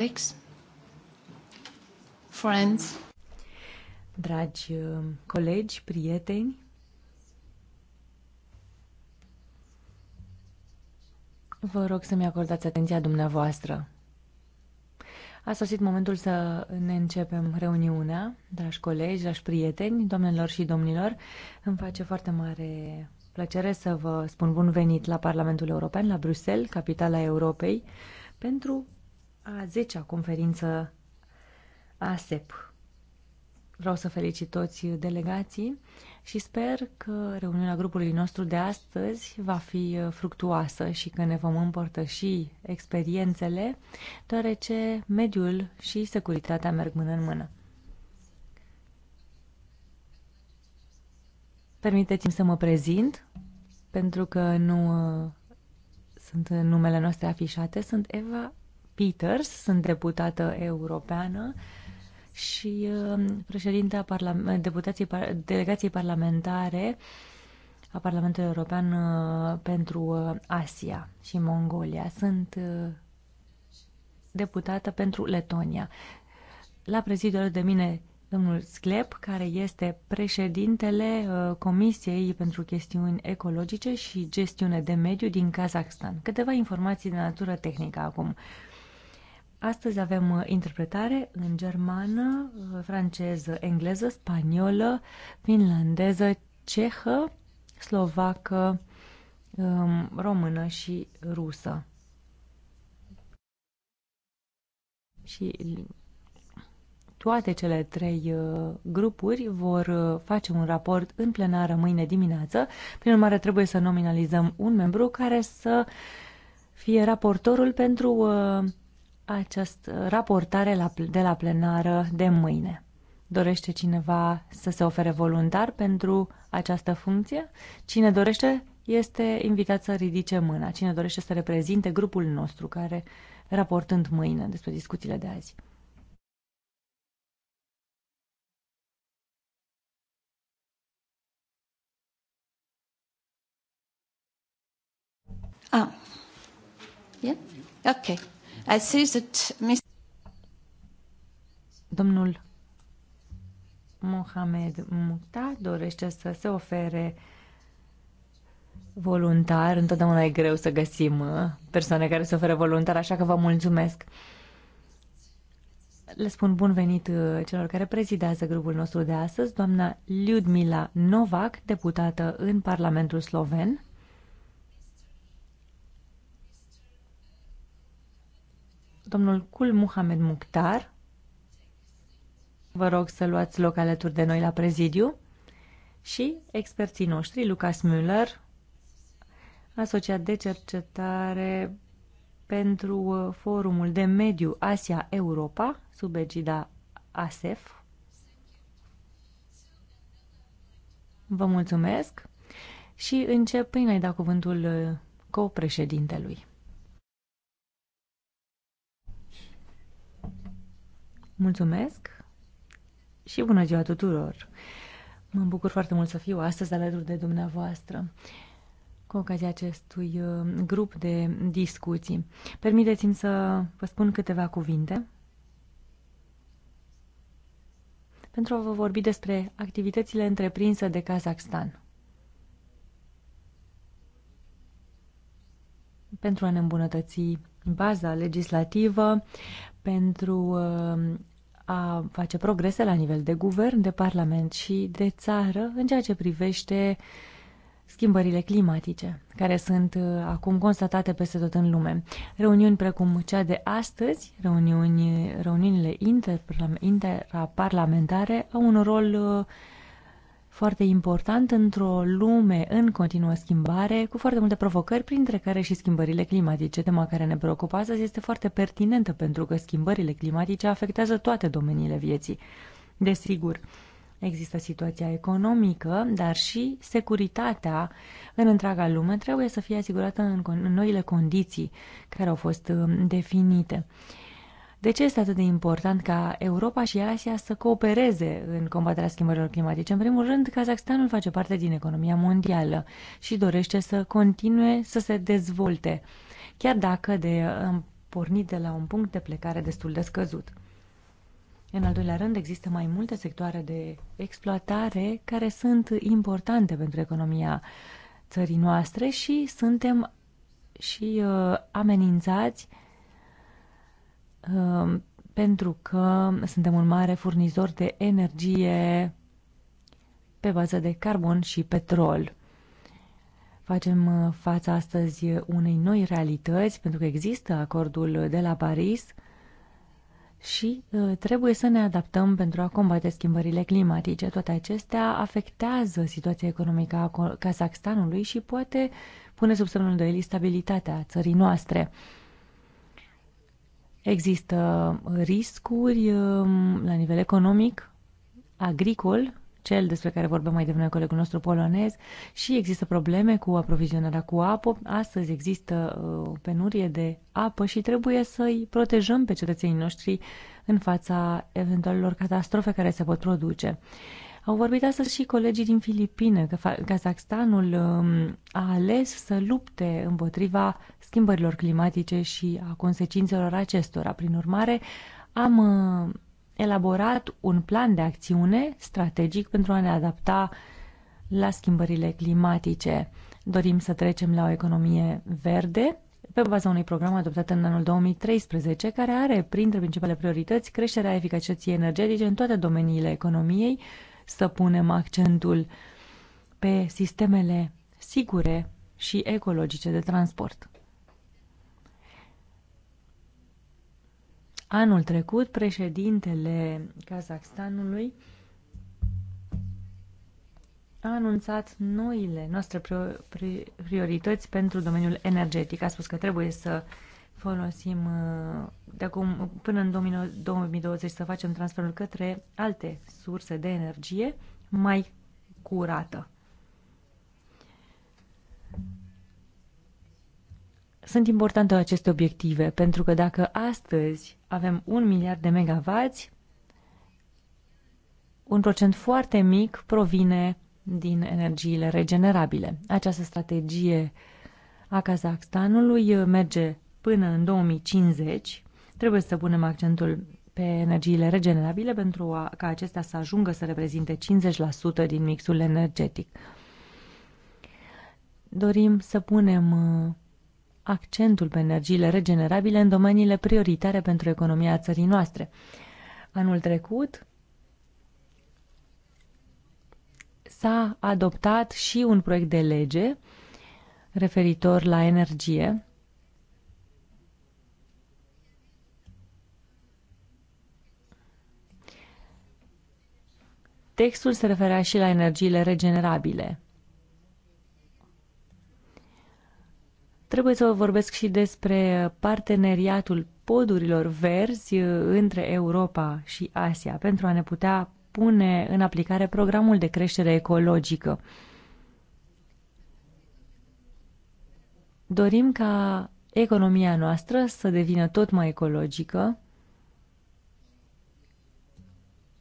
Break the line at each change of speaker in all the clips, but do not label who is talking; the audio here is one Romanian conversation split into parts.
Colleagues, friends, dragi uh, colegi, prieteni, vă rog să-mi acordați atenția dumneavoastră. A sosit momentul să ne începem reuniunea, dragi colegi, dragi prieteni, domnilor și domnilor. Îmi face foarte mare plăcere să vă spun bun venit la Parlamentul European, la Bruxelles, capitala Europei, pentru a 10-a conferință ASEP. Vreau să felicit toți delegații și sper că reuniunea grupului nostru de astăzi va fi fructuoasă și că ne vom împărtăși experiențele, deoarece mediul și securitatea merg mână în mână. Permiteți-mi să mă prezint, pentru că nu uh, sunt numele noastre afișate. Sunt Eva Peters, sunt deputată europeană și uh, președinta deputației, delegației parlamentare a Parlamentului European uh, pentru uh, Asia și Mongolia. Sunt deputată pentru Letonia. La prezidiu de mine domnul Sclep, care este președintele Comisiei pentru chestiuni ecologice și gestiune de mediu din Kazakhstan. Câteva informații de natură tehnică acum. Uh, Astăzi avem uh, interpretare în germană, uh, franceză, engleză, spaniolă, finlandeză, cehă, slovacă, um, română și rusă. Și toate cele trei uh, grupuri vor face un raport în plenară mâine dimineață. Prin urmare, trebuie să nominalizăm un membru care să fie raportorul pentru această raportare la, de la plenară de mâine. Dorește cineva să se ofere voluntar pentru această funcție? Cine dorește este invitat să ridice mâna. Cine dorește să reprezinte grupul nostru care, raportând mâine despre discuțiile de azi.
Ah. Yeah? Okay.
Domnul Mohamed Mukhtar dorește să se ofere voluntar. Întotdeauna e greu să găsim uh, persoane care se oferă voluntar, așa că vă mulțumesc. Le spun bun venit uh, celor care prezidează grupul nostru de astăzi, doamna Lyudmila Novak, deputată în Parlamentul Sloven. domnul Kul Muhammad Mukhtar. Vă rog să luați loc alături de noi la prezidiu și experții noștri, Lucas Müller, asociat de cercetare pentru uh, forumul de mediu Asia-Europa, sub egida ASEF. Vă mulțumesc și încep prin a-i da cuvântul uh, copreședintelui. Mulțumesc și bună ziua tuturor! Mă bucur foarte mult să fiu astăzi alături de dumneavoastră cu ocazia acestui uh, grup de discuții. Permiteți-mi să vă spun câteva cuvinte pentru a vă vorbi despre activitățile întreprinse de Kazakhstan. Pentru a ne îmbunătăți baza legislativă, pentru uh, a face progrese la nivel de guvern, de parlament și de țară în ceea ce privește schimbările climatice, care sunt uh, acum constatate peste tot în lume. Reuniuni precum cea de astăzi, reuniuni, reuniunile interparlamentare, au un rol uh, foarte important într-o lume în continuă schimbare, cu foarte multe provocări, printre care și schimbările climatice. Tema care ne preocupă astăzi este foarte pertinentă pentru că schimbările climatice afectează toate domeniile vieții. Desigur, există situația economică, dar și securitatea în întreaga lume trebuie să fie asigurată în, noile condiții care au fost uh, definite. De ce este atât de important ca Europa și Asia să coopereze în combaterea schimbărilor climatice? În primul rând, Kazakhstanul face parte din economia mondială și dorește să continue să se dezvolte, chiar dacă de, pornit de la un punct de plecare destul de scăzut. În al doilea rând, există mai multe sectoare de exploatare care sunt importante pentru economia țării noastre și suntem și uh, amenințați uh, Um, pentru că suntem un mare furnizor de energie pe bază de carbon și petrol. Facem uh, fața astăzi unei noi realități, pentru că există acordul de la Paris și uh, trebuie să ne adaptăm pentru a combate schimbările climatice. Toate acestea afectează situația economică a Kazakhstanului și poate pune sub semnul de stabilitatea țării noastre. Există riscuri um, la nivel economic, agricol, cel despre care vorbea mai devreme colegul nostru polonez, și există probleme cu aprovizionarea cu apă. Astăzi există uh, o penurie de apă și trebuie să-i protejăm pe cetățenii noștri în fața eventualelor catastrofe care se pot produce. Au vorbit astăzi și colegii din Filipine că Kazakhstanul um, a ales să lupte împotriva schimbărilor climatice și a consecințelor acestora. Prin urmare, am uh, elaborat un plan de acțiune strategic pentru a ne adapta la schimbările climatice. Dorim să trecem la o economie verde, pe baza unui program adoptat în anul 2013, care are printre principale priorități creșterea eficacității energetice în toate domeniile economiei să punem accentul pe sistemele sigure și ecologice de transport. Anul trecut, președintele Kazakhstanului a anunțat noile noastre priorități pentru domeniul energetic. A spus că trebuie să folosim uh, de acum până în 2020 să facem transferul către alte surse de energie mai curată. Sunt importante aceste obiective, pentru că dacă astăzi avem un miliard de megavați, un procent foarte mic provine din energiile regenerabile. Această strategie a Kazakhstanului merge până în 2050 Trebuie să punem accentul pe energiile regenerabile pentru a, ca acestea să ajungă să reprezinte 50% din mixul energetic. Dorim să punem uh, accentul pe energiile regenerabile în domeniile prioritare pentru economia țării noastre. Anul trecut s-a adoptat și un proiect de lege referitor la energie Textul se referea și la energiile regenerabile. Trebuie să vă vorbesc și despre parteneriatul podurilor verzi uh, între Europa și Asia pentru a ne putea pune în aplicare programul de creștere ecologică. Dorim ca economia noastră să devină tot mai ecologică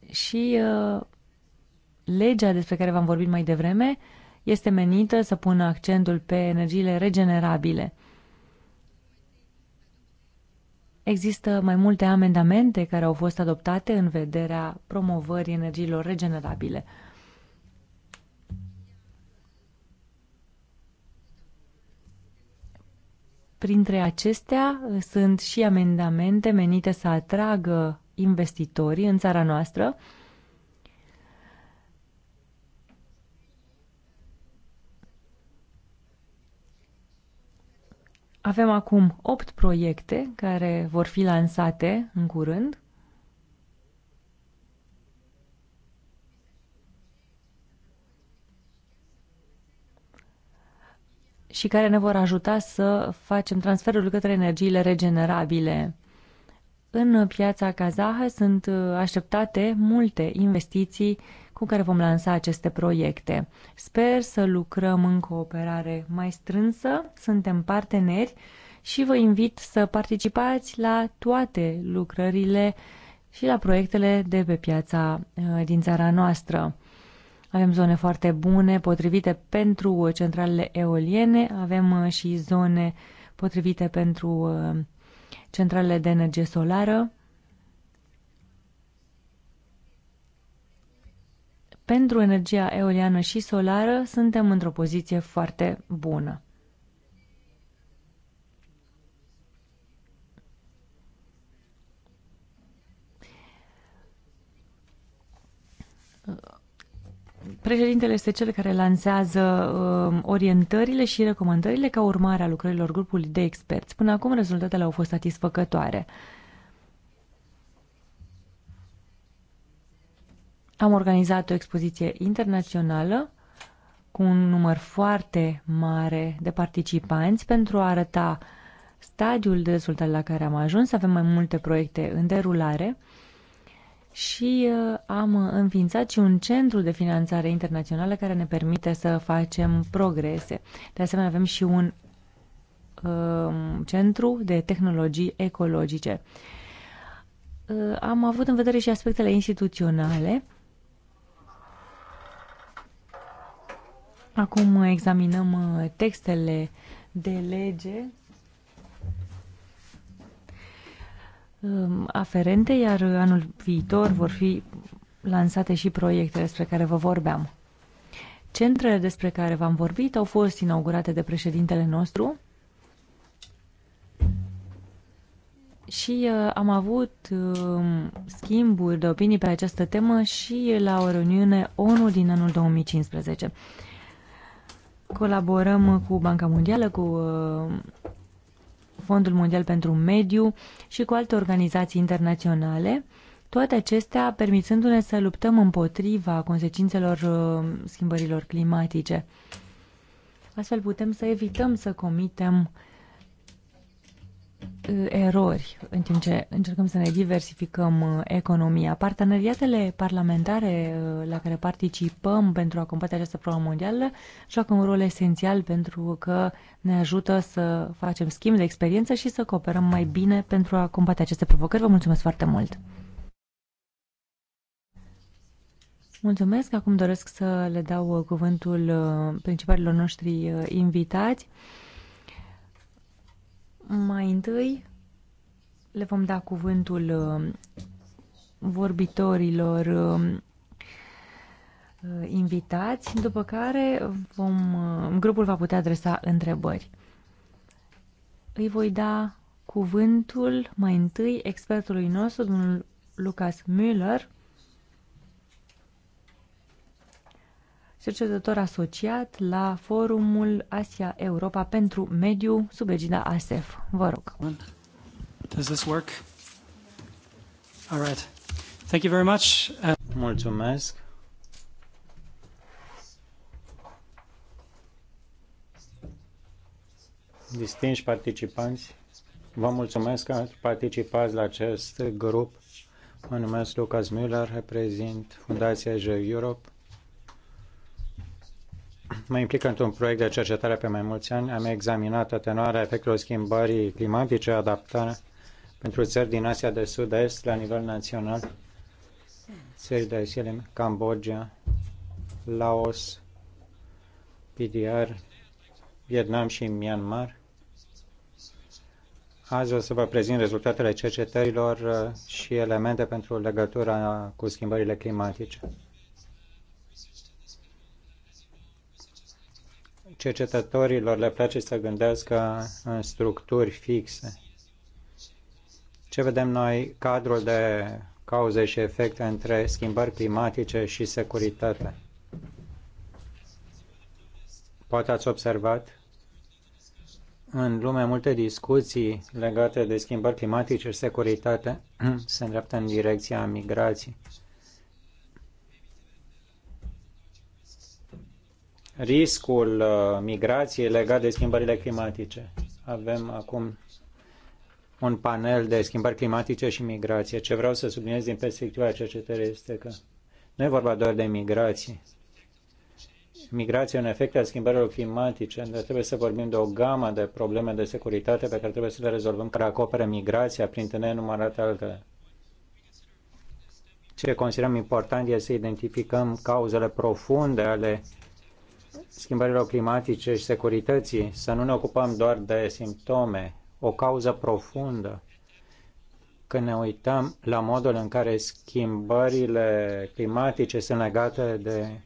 și uh, Legea despre care v-am vorbit mai devreme este menită să pună accentul pe energiile regenerabile. Există mai multe amendamente care au fost adoptate în vederea promovării energiilor regenerabile. Printre acestea sunt și amendamente menite să atragă investitorii în țara noastră, Avem acum 8 proiecte care vor fi lansate în curând. și care ne vor ajuta să facem transferul către energiile regenerabile. În piața kazahă sunt uh, așteptate multe investiții cu care vom lansa aceste proiecte. Sper să lucrăm în cooperare mai strânsă, suntem parteneri și vă invit să participați la toate lucrările și la proiectele de pe piața uh, din țara noastră. Avem zone foarte bune, potrivite pentru uh, centralele eoliene, avem uh, și zone potrivite pentru centralele de energie solară. pentru energia eoliană și solară suntem într-o poziție foarte bună. Președintele este cel care lansează uh, orientările și recomandările ca urmare a lucrărilor grupului de experți. Până acum rezultatele au fost satisfăcătoare. Uh, Am organizat o expoziție internațională cu un număr foarte mare de participanți pentru a arăta stadiul de rezultat la care am ajuns. Avem mai multe proiecte în derulare și uh, am înființat și un centru de finanțare internațională care ne permite să facem progrese. De asemenea, avem și un um, centru de tehnologii ecologice. Uh, am avut în vedere și aspectele instituționale Acum examinăm uh, textele de lege um, aferente, iar anul viitor vor fi lansate și proiectele despre care vă vorbeam. Centrele despre care v-am vorbit au fost inaugurate de președintele nostru și uh, am avut uh, schimburi de opinii pe această temă și la o reuniune ONU din anul 2015. Colaborăm cu Banca Mondială, cu uh, Fondul Mondial pentru Mediu și cu alte organizații internaționale, toate acestea permițându-ne să luptăm împotriva consecințelor uh, schimbărilor climatice. Astfel putem să evităm să comitem uh, Uh, erori în timp ce încercăm să ne diversificăm uh, economia. Parteneriatele parlamentare uh, la care participăm pentru a combate această problemă mondială joacă un rol esențial pentru că ne ajută să facem schimb de experiență și să cooperăm mai bine pentru a combate aceste provocări. Vă mulțumesc foarte mult! Mulțumesc! Acum doresc să le dau cuvântul principalilor noștri invitați. Mai întâi le vom da cuvântul um, vorbitorilor um, uh, invitați, după care vom, uh, grupul va putea adresa întrebări. Îi voi da cuvântul mai întâi expertului nostru, domnul Lucas Müller, cercetător asociat la forumul Asia-Europa pentru Mediu sub egida ASEF. Vă rog.
Does this work? All right. Thank you very much. Mulțumesc. Distinși participanți, vă mulțumesc că participați la acest grup. Mă numesc Lucas Müller, reprezint Fundația J Europe mă implic într-un proiect de cercetare pe mai mulți ani. Am examinat atenuarea efectelor schimbării climatice, adaptarea pentru țări din Asia de Sud-Est la nivel național, țări de Silim, Cambodgia, Laos, PDR, Vietnam și Myanmar. Azi o să vă prezint rezultatele cercetărilor uh, și elemente pentru legătura cu schimbările climatice. cercetătorilor le place să gândească în structuri fixe. Ce vedem noi? Cadrul de cauze și efecte între schimbări climatice și securitate. Poate ați observat în lume multe discuții legate de schimbări climatice și securitate se îndreaptă în direcția migrației. riscul uh, migrației legat de schimbările climatice. Avem acum un panel de schimbări climatice și migrație. Ce vreau să subliniez din perspectiva cercetării este că nu e vorba doar de migrație. Migrația e un efect al schimbărilor climatice, dar trebuie să vorbim de o gamă de probleme de securitate pe care trebuie să le rezolvăm, care acoperă migrația printre nenumărate altele. Ce considerăm important este să identificăm cauzele profunde ale schimbărilor climatice și securității, să nu ne ocupăm doar de simptome, o cauză profundă. Când ne uităm la modul în care schimbările climatice sunt legate de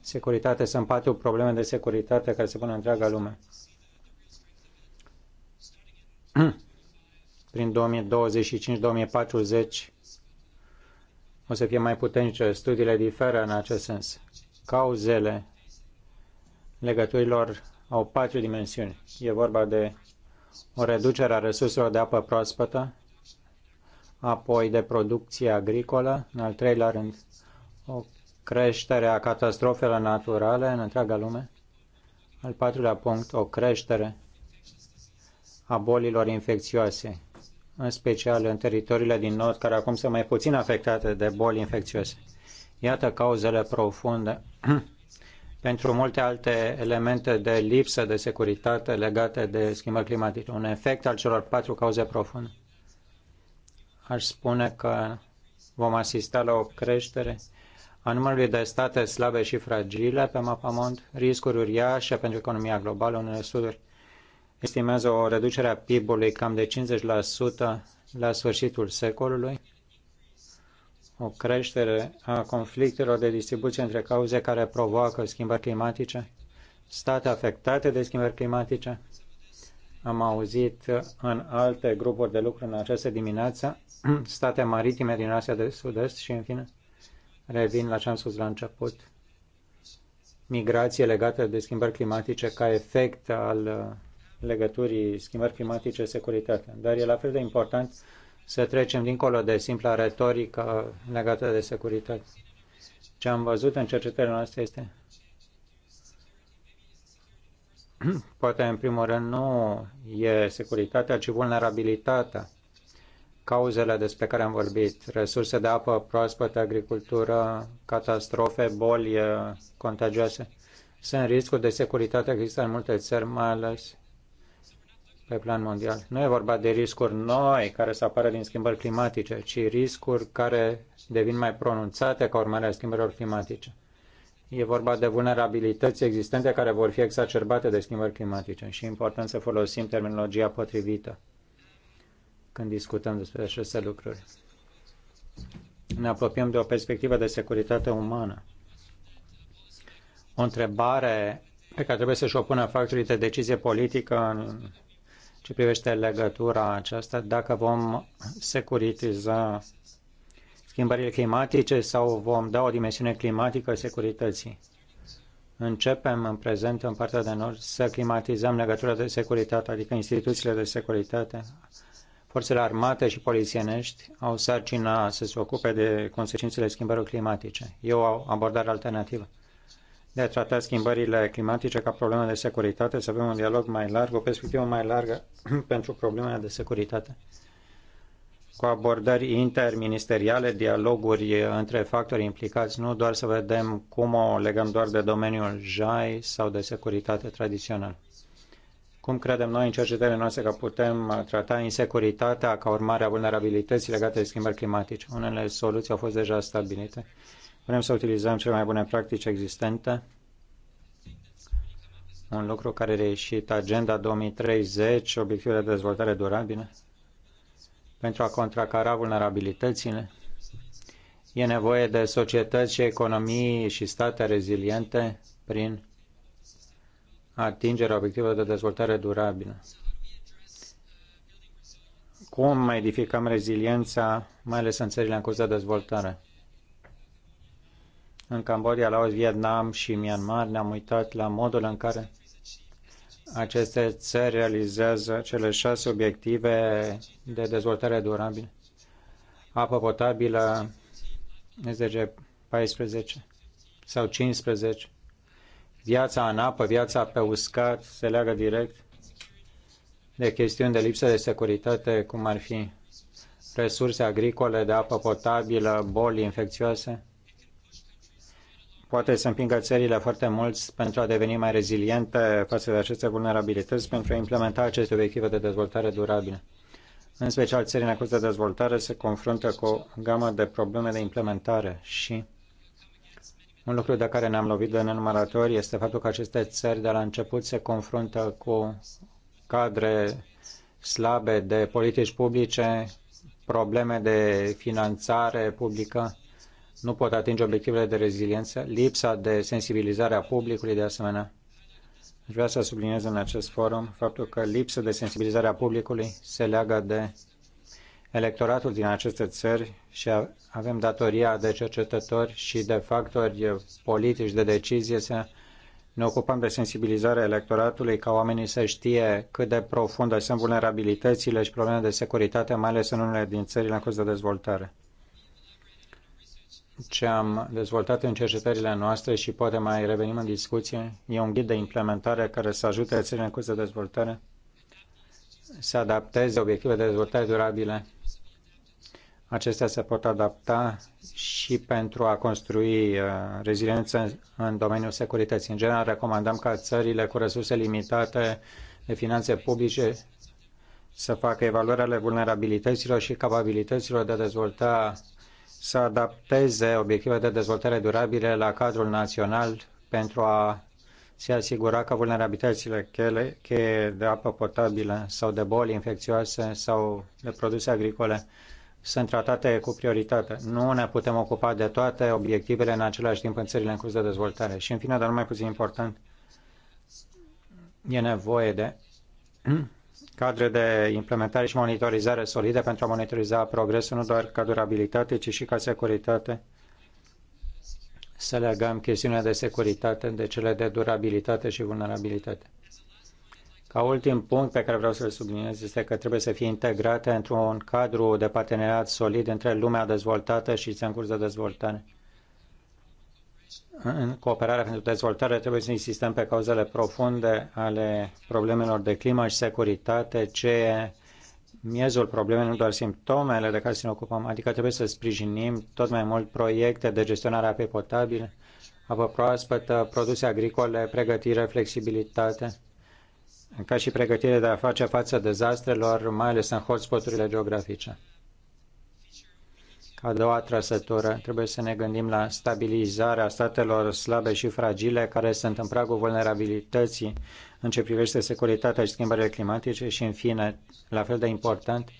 securitate, sunt patru probleme de securitate care se pun în întreaga lume. Prin 2025-2040 o să fie mai puternice. Studiile diferă în acest sens. Cauzele legăturilor au patru dimensiuni. E vorba de o reducere a resurselor de apă proaspătă, apoi de producție agricolă, în al treilea rând o creștere a catastrofelor naturale în întreaga lume, al patrulea punct o creștere a bolilor infecțioase, în special în teritoriile din nord, care acum sunt mai puțin afectate de boli infecțioase. Iată cauzele profunde pentru multe alte elemente de lipsă de securitate legate de schimbări climatice. Un efect al celor patru cauze profunde. Aș spune că vom asista la o creștere a numărului de state slabe și fragile pe mapamont, riscuri uriașe pentru economia globală, unele suduri estimează o reducere a PIB-ului cam de 50% la sfârșitul secolului, o creștere a conflictelor de distribuție între cauze care provoacă schimbări climatice, state afectate de schimbări climatice. Am auzit în alte grupuri de lucru în această dimineață, state maritime din Asia de Sud-Est și, în fine, revin la ce am spus la început, migrație legată de schimbări climatice ca efect al legăturii schimbări climatice-securitate. Dar e la fel de important să trecem dincolo de simpla retorică legată de securitate. Ce am văzut în cercetările noastre este poate în primul rând nu e securitatea, ci vulnerabilitatea. Cauzele despre care am vorbit, resurse de apă proaspătă, agricultură, catastrofe, boli contagioase, sunt riscuri de securitate există în multe țări, mai ales pe plan mondial. Nu e vorba de riscuri noi care să apară din schimbări climatice, ci riscuri care devin mai pronunțate ca urmare a schimbărilor climatice. E vorba de vulnerabilități existente care vor fi exacerbate de schimbări climatice și e important să folosim terminologia potrivită când discutăm despre aceste lucruri. Ne apropiem de o perspectivă de securitate umană. O întrebare pe care trebuie să-și o pună factorii de decizie politică în ce privește legătura aceasta, dacă vom securitiza schimbările climatice sau vom da o dimensiune climatică securității. Începem în prezent în partea de nord să climatizăm legătura de securitate, adică instituțiile de securitate. Forțele armate și polițienești au sarcina să se ocupe de consecințele schimbărilor climatice. E o abordare alternativă de a trata schimbările climatice ca problemă de securitate, să avem un dialog mai larg, o perspectivă mai largă pentru problemele de securitate cu abordări interministeriale, dialoguri între factori implicați, nu doar să vedem cum o legăm doar de domeniul JAI sau de securitate tradițională. Cum credem noi în cercetările noastre că putem trata insecuritatea ca urmare a vulnerabilității legate de schimbări climatice? Unele soluții au fost deja stabilite. Vrem să utilizăm cele mai bune practici existente. Un lucru care a reieșit Agenda 2030, obiectivele de dezvoltare durabilă, pentru a contracara vulnerabilitățile. E nevoie de societăți și economii și state reziliente prin atingerea obiectivelor de dezvoltare durabilă. Cum edificăm reziliența, mai ales în țările în curs de dezvoltare? în Cambodia, Laos, Vietnam și Myanmar, ne-am uitat la modul în care aceste țări realizează cele șase obiective de dezvoltare durabilă. Apă potabilă, SDG 14 sau 15. Viața în apă, viața pe uscat se leagă direct de chestiuni de lipsă de securitate, cum ar fi resurse agricole de apă potabilă, boli infecțioase poate să împingă țările foarte mult pentru a deveni mai reziliente față de aceste vulnerabilități, pentru a implementa aceste obiective de dezvoltare durabilă. În special, țările în curs de dezvoltare se confruntă cu o gamă de probleme de implementare și un lucru de care ne-am lovit de nenumărate ori este faptul că aceste țări de la început se confruntă cu cadre slabe de politici publice, probleme de finanțare publică, nu pot atinge obiectivele de reziliență, lipsa de sensibilizare a publicului de asemenea. Aș vrea să subliniez în acest forum faptul că lipsa de sensibilizare a publicului se leagă de electoratul din aceste țări și avem datoria de cercetători și de factori politici de decizie să ne ocupăm de sensibilizarea electoratului ca oamenii să știe cât de profundă sunt vulnerabilitățile și problemele de securitate, mai ales în unele din țările în curs de dezvoltare ce am dezvoltat în cercetările noastre și poate mai revenim în discuție, e un ghid de implementare care să ajute țările în curs de dezvoltare să adapteze obiective de dezvoltare durabile. Acestea se pot adapta și pentru a construi uh, reziliență în domeniul securității. În general, recomandăm ca țările cu resurse limitate de finanțe publice să facă evaluarea vulnerabilităților și capabilităților de a dezvolta să adapteze obiectivele de dezvoltare durabile la cadrul național pentru a se asigura că vulnerabilitățile cheie de apă potabilă sau de boli infecțioase sau de produse agricole sunt tratate cu prioritate. Nu ne putem ocupa de toate obiectivele în același timp în țările în curs de dezvoltare. Și în fine, dar nu mai puțin important, e nevoie de cadre de implementare și monitorizare solide pentru a monitoriza progresul nu doar ca durabilitate, ci și ca securitate. Să legăm chestiunea de securitate de cele de durabilitate și vulnerabilitate. Ca ultim punct pe care vreau să-l subliniez este că trebuie să fie integrate într-un cadru de parteneriat solid între lumea dezvoltată și țări în curs de dezvoltare în cooperarea pentru dezvoltare trebuie să insistăm pe cauzele profunde ale problemelor de climă și securitate, ce e miezul problemei, nu doar simptomele de care să ne ocupăm, adică trebuie să sprijinim tot mai mult proiecte de gestionare a apei potabile, apă proaspătă, produse agricole, pregătire, flexibilitate, ca și pregătire de a face față dezastrelor, mai ales în hotspoturile geografice. A doua trăsătură, trebuie să ne gândim la stabilizarea statelor slabe și fragile care sunt în pragul vulnerabilității în ce privește securitatea și schimbările climatice și, în fine, la fel de important,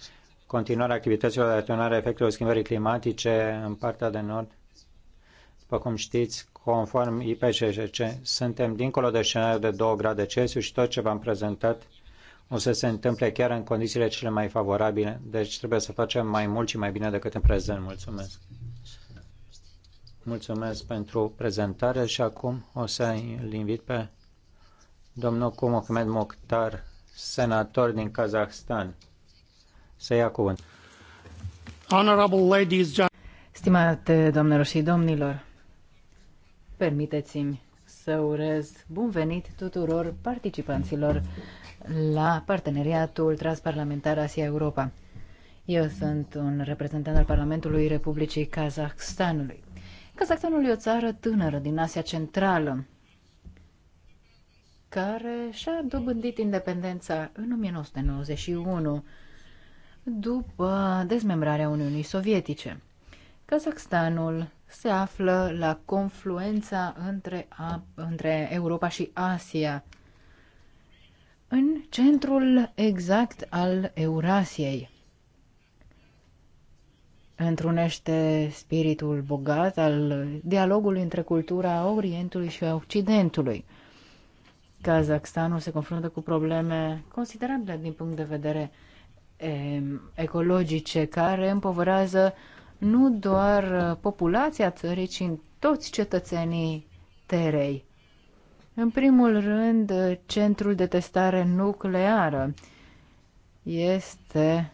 continuarea activităților de atenuare efectelor schimbării climatice în partea de nord. După cum știți, conform IPCC, suntem dincolo de scenariul de 2 grade Celsius și tot ce v-am prezentat o să se întâmple chiar în condițiile cele mai favorabile, deci trebuie să facem mai mult și mai bine decât în prezent. Mulțumesc! Mulțumesc pentru prezentare și acum o să îl invit pe domnul Kumokhmed Mokhtar, senator din Kazahstan, să ia cuvânt. Honorable ladies,
Stimate domnilor și domnilor, permiteți-mi să urez bun venit tuturor participanților la parteneriatul transparlamentar Asia-Europa. Eu sunt un reprezentant al Parlamentului Republicii Kazahstanului. Kazahstanul e o țară tânără din Asia Centrală, care și-a dobândit independența în 1991 după dezmembrarea Uniunii Sovietice. Kazakhstanul se află la confluența între, între Europa și Asia, în centrul exact al Eurasiei. Întrunește spiritul bogat al dialogului între cultura Orientului și a Occidentului. Kazakhstanul se confruntă cu probleme considerabile din punct de vedere ecologice care împovărează nu doar populația țării, ci toți cetățenii terei. În primul rând, centrul de testare nucleară este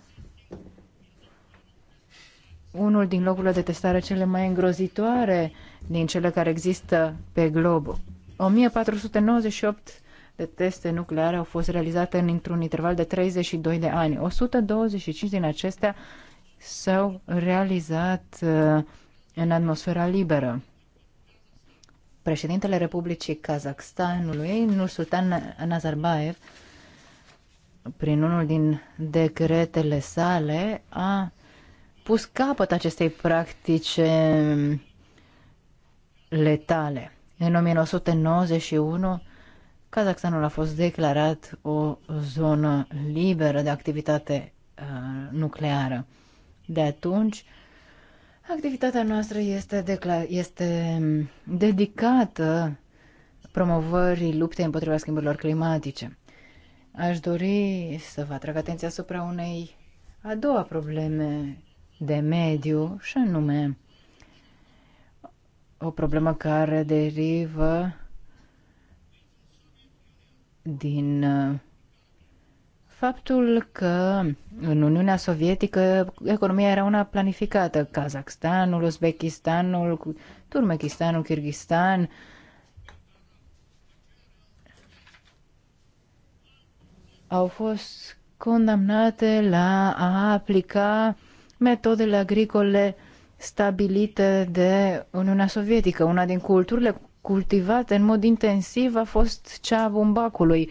unul din locurile de testare cele mai îngrozitoare din cele care există pe glob. 1498 de teste nucleare au fost realizate într-un interval de 32 de ani. 125 din acestea s-au realizat uh, în atmosfera liberă președintele Republicii Kazakhstanului, Nursultan Nazarbayev, prin unul din decretele sale, a pus capăt acestei practici letale. În 1991, Kazakhstanul a fost declarat o zonă liberă de activitate uh, nucleară. De atunci, uh, Activitatea noastră este, decla- este dedicată promovării luptei împotriva schimbărilor climatice. Aș dori să vă atrag atenția asupra unei a doua probleme de mediu, și anume o problemă care derivă din uh, Faptul că în Uniunea Sovietică economia era una planificată, Kazakhstanul, Uzbekistanul, Turmekistanul, Kirghistan, au fost condamnate la a aplica metodele agricole stabilite de Uniunea Sovietică. Una din culturile cultivate în mod intensiv a fost cea a bumbacului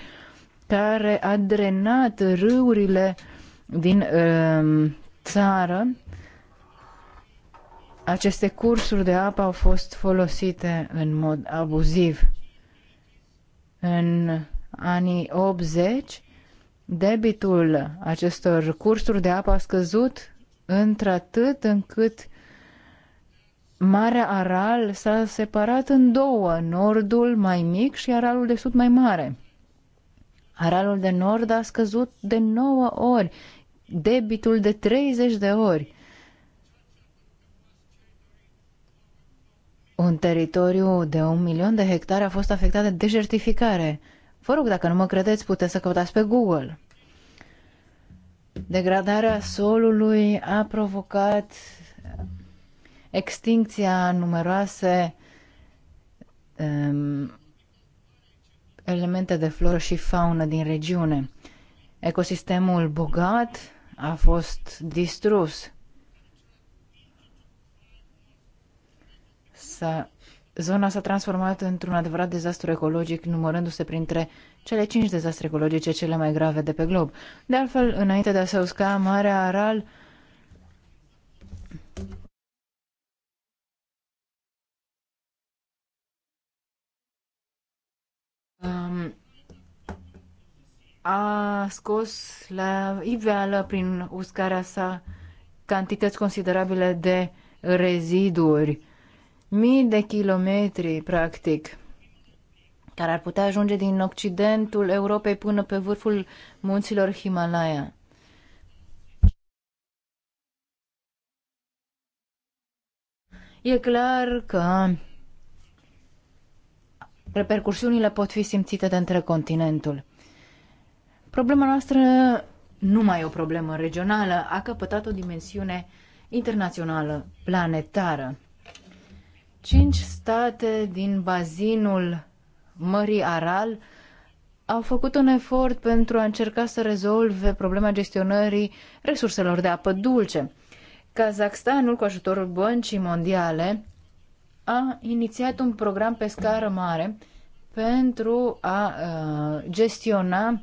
care a drenat râurile din uh, țară. Aceste cursuri de apă au fost folosite în mod abuziv. În anii 80, debitul acestor cursuri de apă a scăzut într-atât încât Marea Aral s-a separat în două, nordul mai mic și Aralul de sud mai mare. Aralul de nord a scăzut de 9 ori, debitul de 30 de ori. Un teritoriu de un milion de hectare a fost afectat de desertificare Vă rog, dacă nu mă credeți, puteți să căutați pe Google. Degradarea solului a provocat extincția numeroase um, elemente de floră și faună din regiune. Ecosistemul bogat a fost distrus. S-a, zona s-a transformat într-un adevărat dezastru ecologic, numărându-se printre cele cinci dezastre ecologice cele mai grave de pe glob. De altfel, înainte de a se usca, Marea Aral a scos la iveală prin uscarea sa cantități considerabile de reziduri, mii de kilometri, practic, care ar putea ajunge din occidentul Europei până pe vârful munților Himalaya. E clar că repercursiunile pot fi simțite de între continentul. Problema noastră nu mai e o problemă regională, a căpătat o dimensiune internațională, planetară. Cinci state din bazinul Mării Aral au făcut un efort pentru a încerca să rezolve problema gestionării resurselor de apă dulce. Kazakhstanul, cu ajutorul Băncii Mondiale, a inițiat un program pe scară mare pentru a uh, gestiona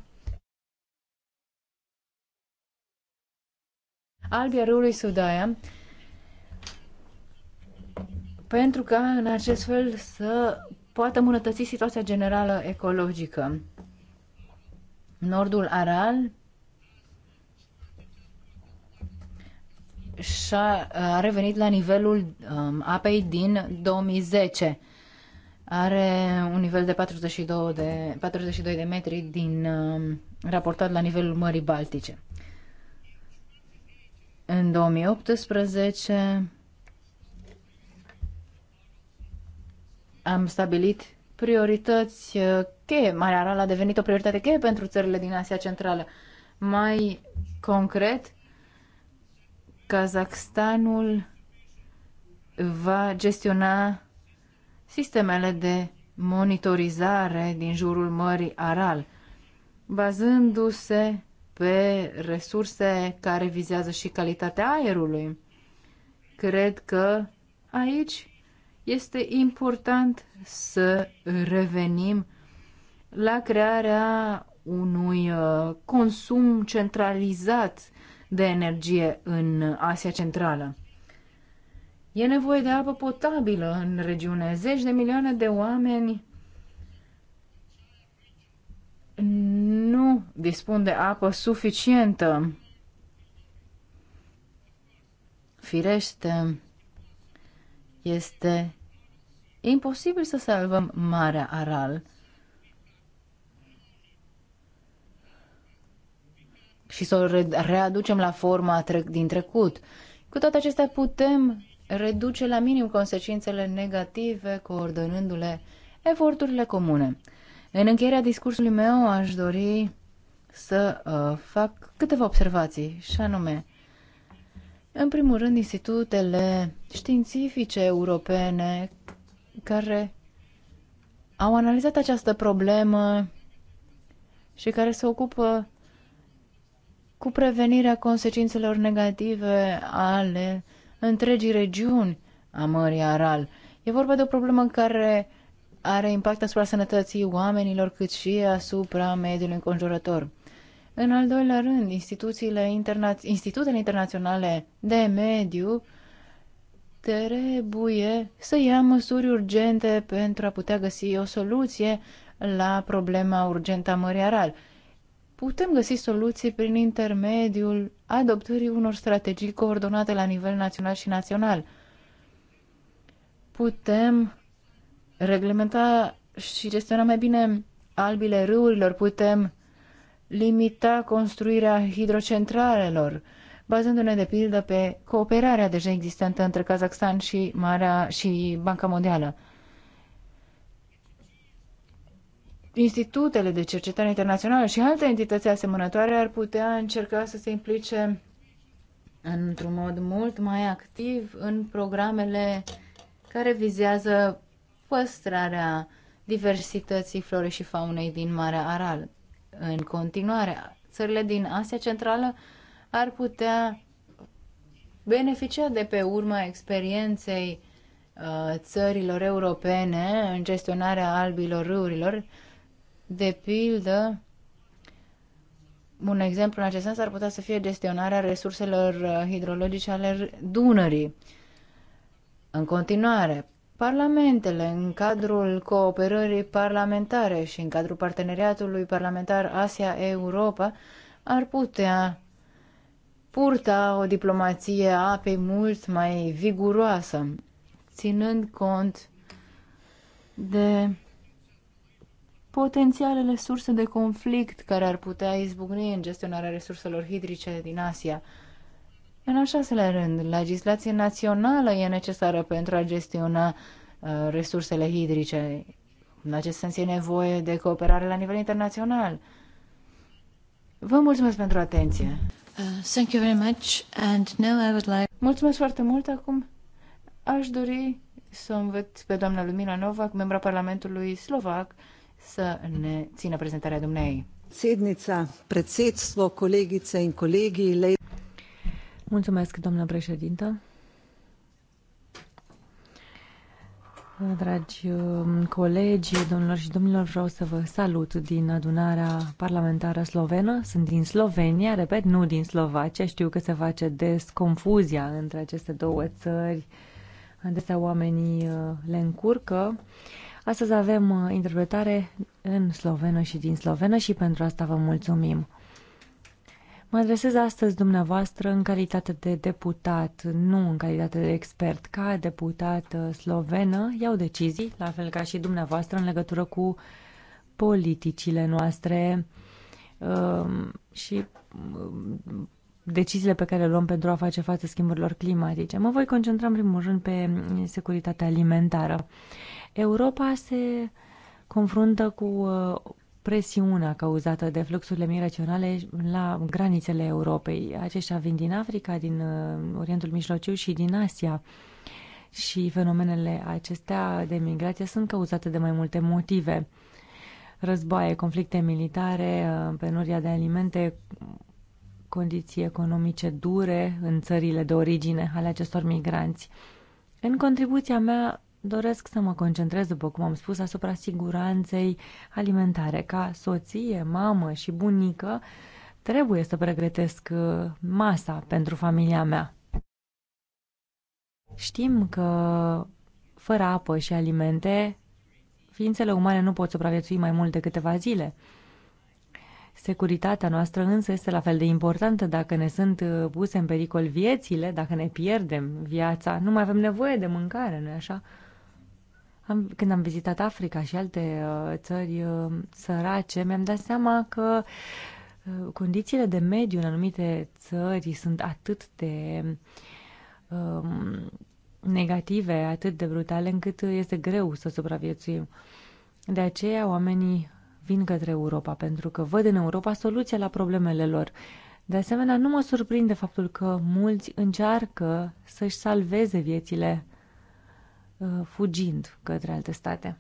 a râului Sudaia, pentru ca în acest fel să poată îmbunătăți situația generală ecologică. Nordul Aral și-a a revenit la nivelul um, apei din 2010. Are un nivel de 42 de, 42 de metri din um, raportat la nivelul Mării Baltice. În 2018 am stabilit priorități uh, cheie. Marea Aral a devenit o prioritate cheie pentru țările din Asia Centrală. Mai concret, Kazakhstanul va gestiona sistemele de monitorizare din jurul Mării Aral, bazându-se pe resurse care vizează și calitatea aerului. Cred că aici este important să revenim la crearea unui uh, consum centralizat de energie în Asia Centrală. E nevoie de apă potabilă în regiune. Zeci de milioane de oameni dispun de apă suficientă. Firește, este imposibil să salvăm Marea Aral. și să o readucem la forma din trecut. Cu toate acestea putem reduce la minim consecințele negative, coordonându-le eforturile comune. În încheierea discursului meu aș dori să uh, fac câteva observații, și anume, în primul rând, institutele științifice europene care au analizat această problemă și care se ocupă cu prevenirea consecințelor negative ale întregii regiuni a Mării Aral. E vorba de o problemă care are impact asupra sănătății oamenilor, cât și asupra mediului înconjurător. În al doilea rând, instituțiile interna- institutele internaționale de mediu trebuie să ia măsuri urgente pentru a putea găsi o soluție la problema urgentă a Mării Aral. Putem găsi soluții prin intermediul adoptării unor strategii coordonate la nivel național și național. Putem reglementa și gestiona mai bine albile râurilor, putem limita construirea hidrocentralelor, bazându-ne de pildă pe cooperarea deja existentă între Kazakhstan și, Marea, și Banca Mondială. Institutele de cercetare internațională și alte entități asemănătoare ar putea încerca să se implice într-un mod mult mai activ în programele care vizează păstrarea diversității florei și faunei din Marea Aral în continuare. Țările din Asia Centrală ar putea beneficia de pe urma experienței uh, țărilor europene în gestionarea albilor râurilor. De pildă, un exemplu în acest sens ar putea să fie gestionarea resurselor uh, hidrologice ale Dunării. În continuare, parlamentele în cadrul cooperării parlamentare și în cadrul parteneriatului parlamentar Asia-Europa ar putea purta o diplomație a apei mult mai viguroasă, ținând cont de potențialele surse de conflict care ar putea izbucni în gestionarea resurselor hidrice din Asia. În al șaselea rând, legislație națională e necesară pentru a gestiona uh, resursele hidrice. În acest sens e nevoie de cooperare la nivel internațional. Vă mulțumesc pentru atenție. Uh, thank you very much. And now I would like... Mulțumesc foarte mult acum. Aș dori să învăț pe doamna Lumina Novak, membra Parlamentului Slovac, să ne țină prezentarea dumneei. Sednica, predsedstvo, în colegii,
kolegi, Mulțumesc, doamnă președintă. Dragi um, colegi, domnilor și domnilor, vreau să vă salut din adunarea parlamentară slovenă. Sunt din Slovenia, repet, nu din Slovacia. Știu că se face des confuzia între aceste două țări. Adesea oamenii uh, le încurcă. Astăzi avem uh, interpretare în slovenă și din slovenă și pentru asta vă mulțumim. Mă adresez astăzi dumneavoastră în calitate de deputat, nu în calitate de expert. Ca deputat slovenă iau decizii, la fel ca și dumneavoastră, în legătură cu politicile noastre um, și um, deciziile pe care le luăm pentru a face față schimbărilor climatice. Mă voi concentra în primul rând pe securitatea alimentară. Europa se confruntă cu uh, presiunea cauzată de fluxurile migraționale la granițele Europei. Aceștia vin din Africa, din uh, Orientul Mijlociu și din Asia. Și fenomenele acestea de migrație sunt cauzate de mai multe motive. Războaie, conflicte militare, uh, penuria de alimente, condiții economice dure în țările de origine ale acestor migranți. În contribuția mea Doresc să mă concentrez, după cum am spus, asupra siguranței alimentare. Ca soție, mamă și bunică, trebuie să pregătesc uh, masa pentru familia mea. Știm că fără apă și alimente, ființele umane nu pot supraviețui mai mult de câteva zile. Securitatea noastră însă este la fel de importantă dacă ne sunt uh, puse în pericol viețile, dacă ne pierdem viața, nu mai avem nevoie de mâncare, nu-i așa? am, când am vizitat Africa și alte uh, țări uh, sărace, mi-am dat seama că uh, condițiile de mediu în anumite țări sunt atât de uh, negative, atât de brutale, încât este greu să supraviețuim. De aceea oamenii vin către Europa, pentru că văd în Europa soluția la problemele lor. De asemenea, nu mă surprinde faptul că mulți încearcă să-și salveze viețile Uh, fugind către alte state.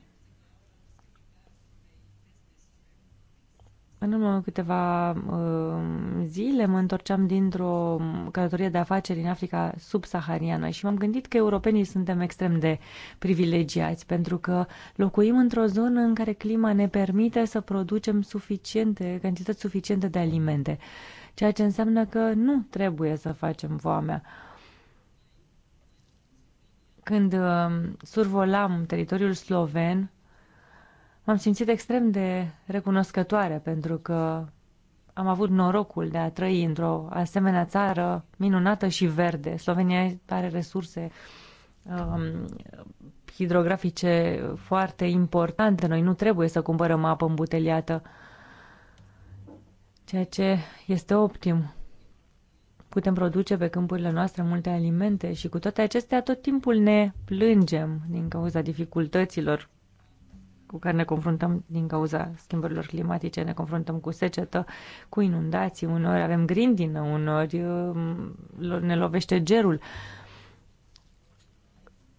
În urmă câteva uh, zile mă întorceam dintr-o călătorie de afaceri în Africa subsahariană și m-am gândit că europenii suntem extrem de privilegiați pentru că locuim într-o zonă în care clima ne permite să producem suficiente, cantități suficiente de alimente, ceea ce înseamnă că nu trebuie să facem foamea. Uh, când uh, survolam teritoriul sloven, m-am simțit extrem de recunoscătoare pentru că am avut norocul de a trăi într-o asemenea țară minunată și verde. Slovenia are resurse um, hidrografice foarte importante. Noi nu trebuie să cumpărăm apă îmbuteliată, ceea ce este optim putem produce pe câmpurile noastre multe alimente și cu toate acestea tot timpul ne plângem din cauza dificultăților cu care ne confruntăm din cauza schimbărilor climatice, ne confruntăm cu secetă, cu inundații, uneori avem grindină, uneori um, ne lovește gerul.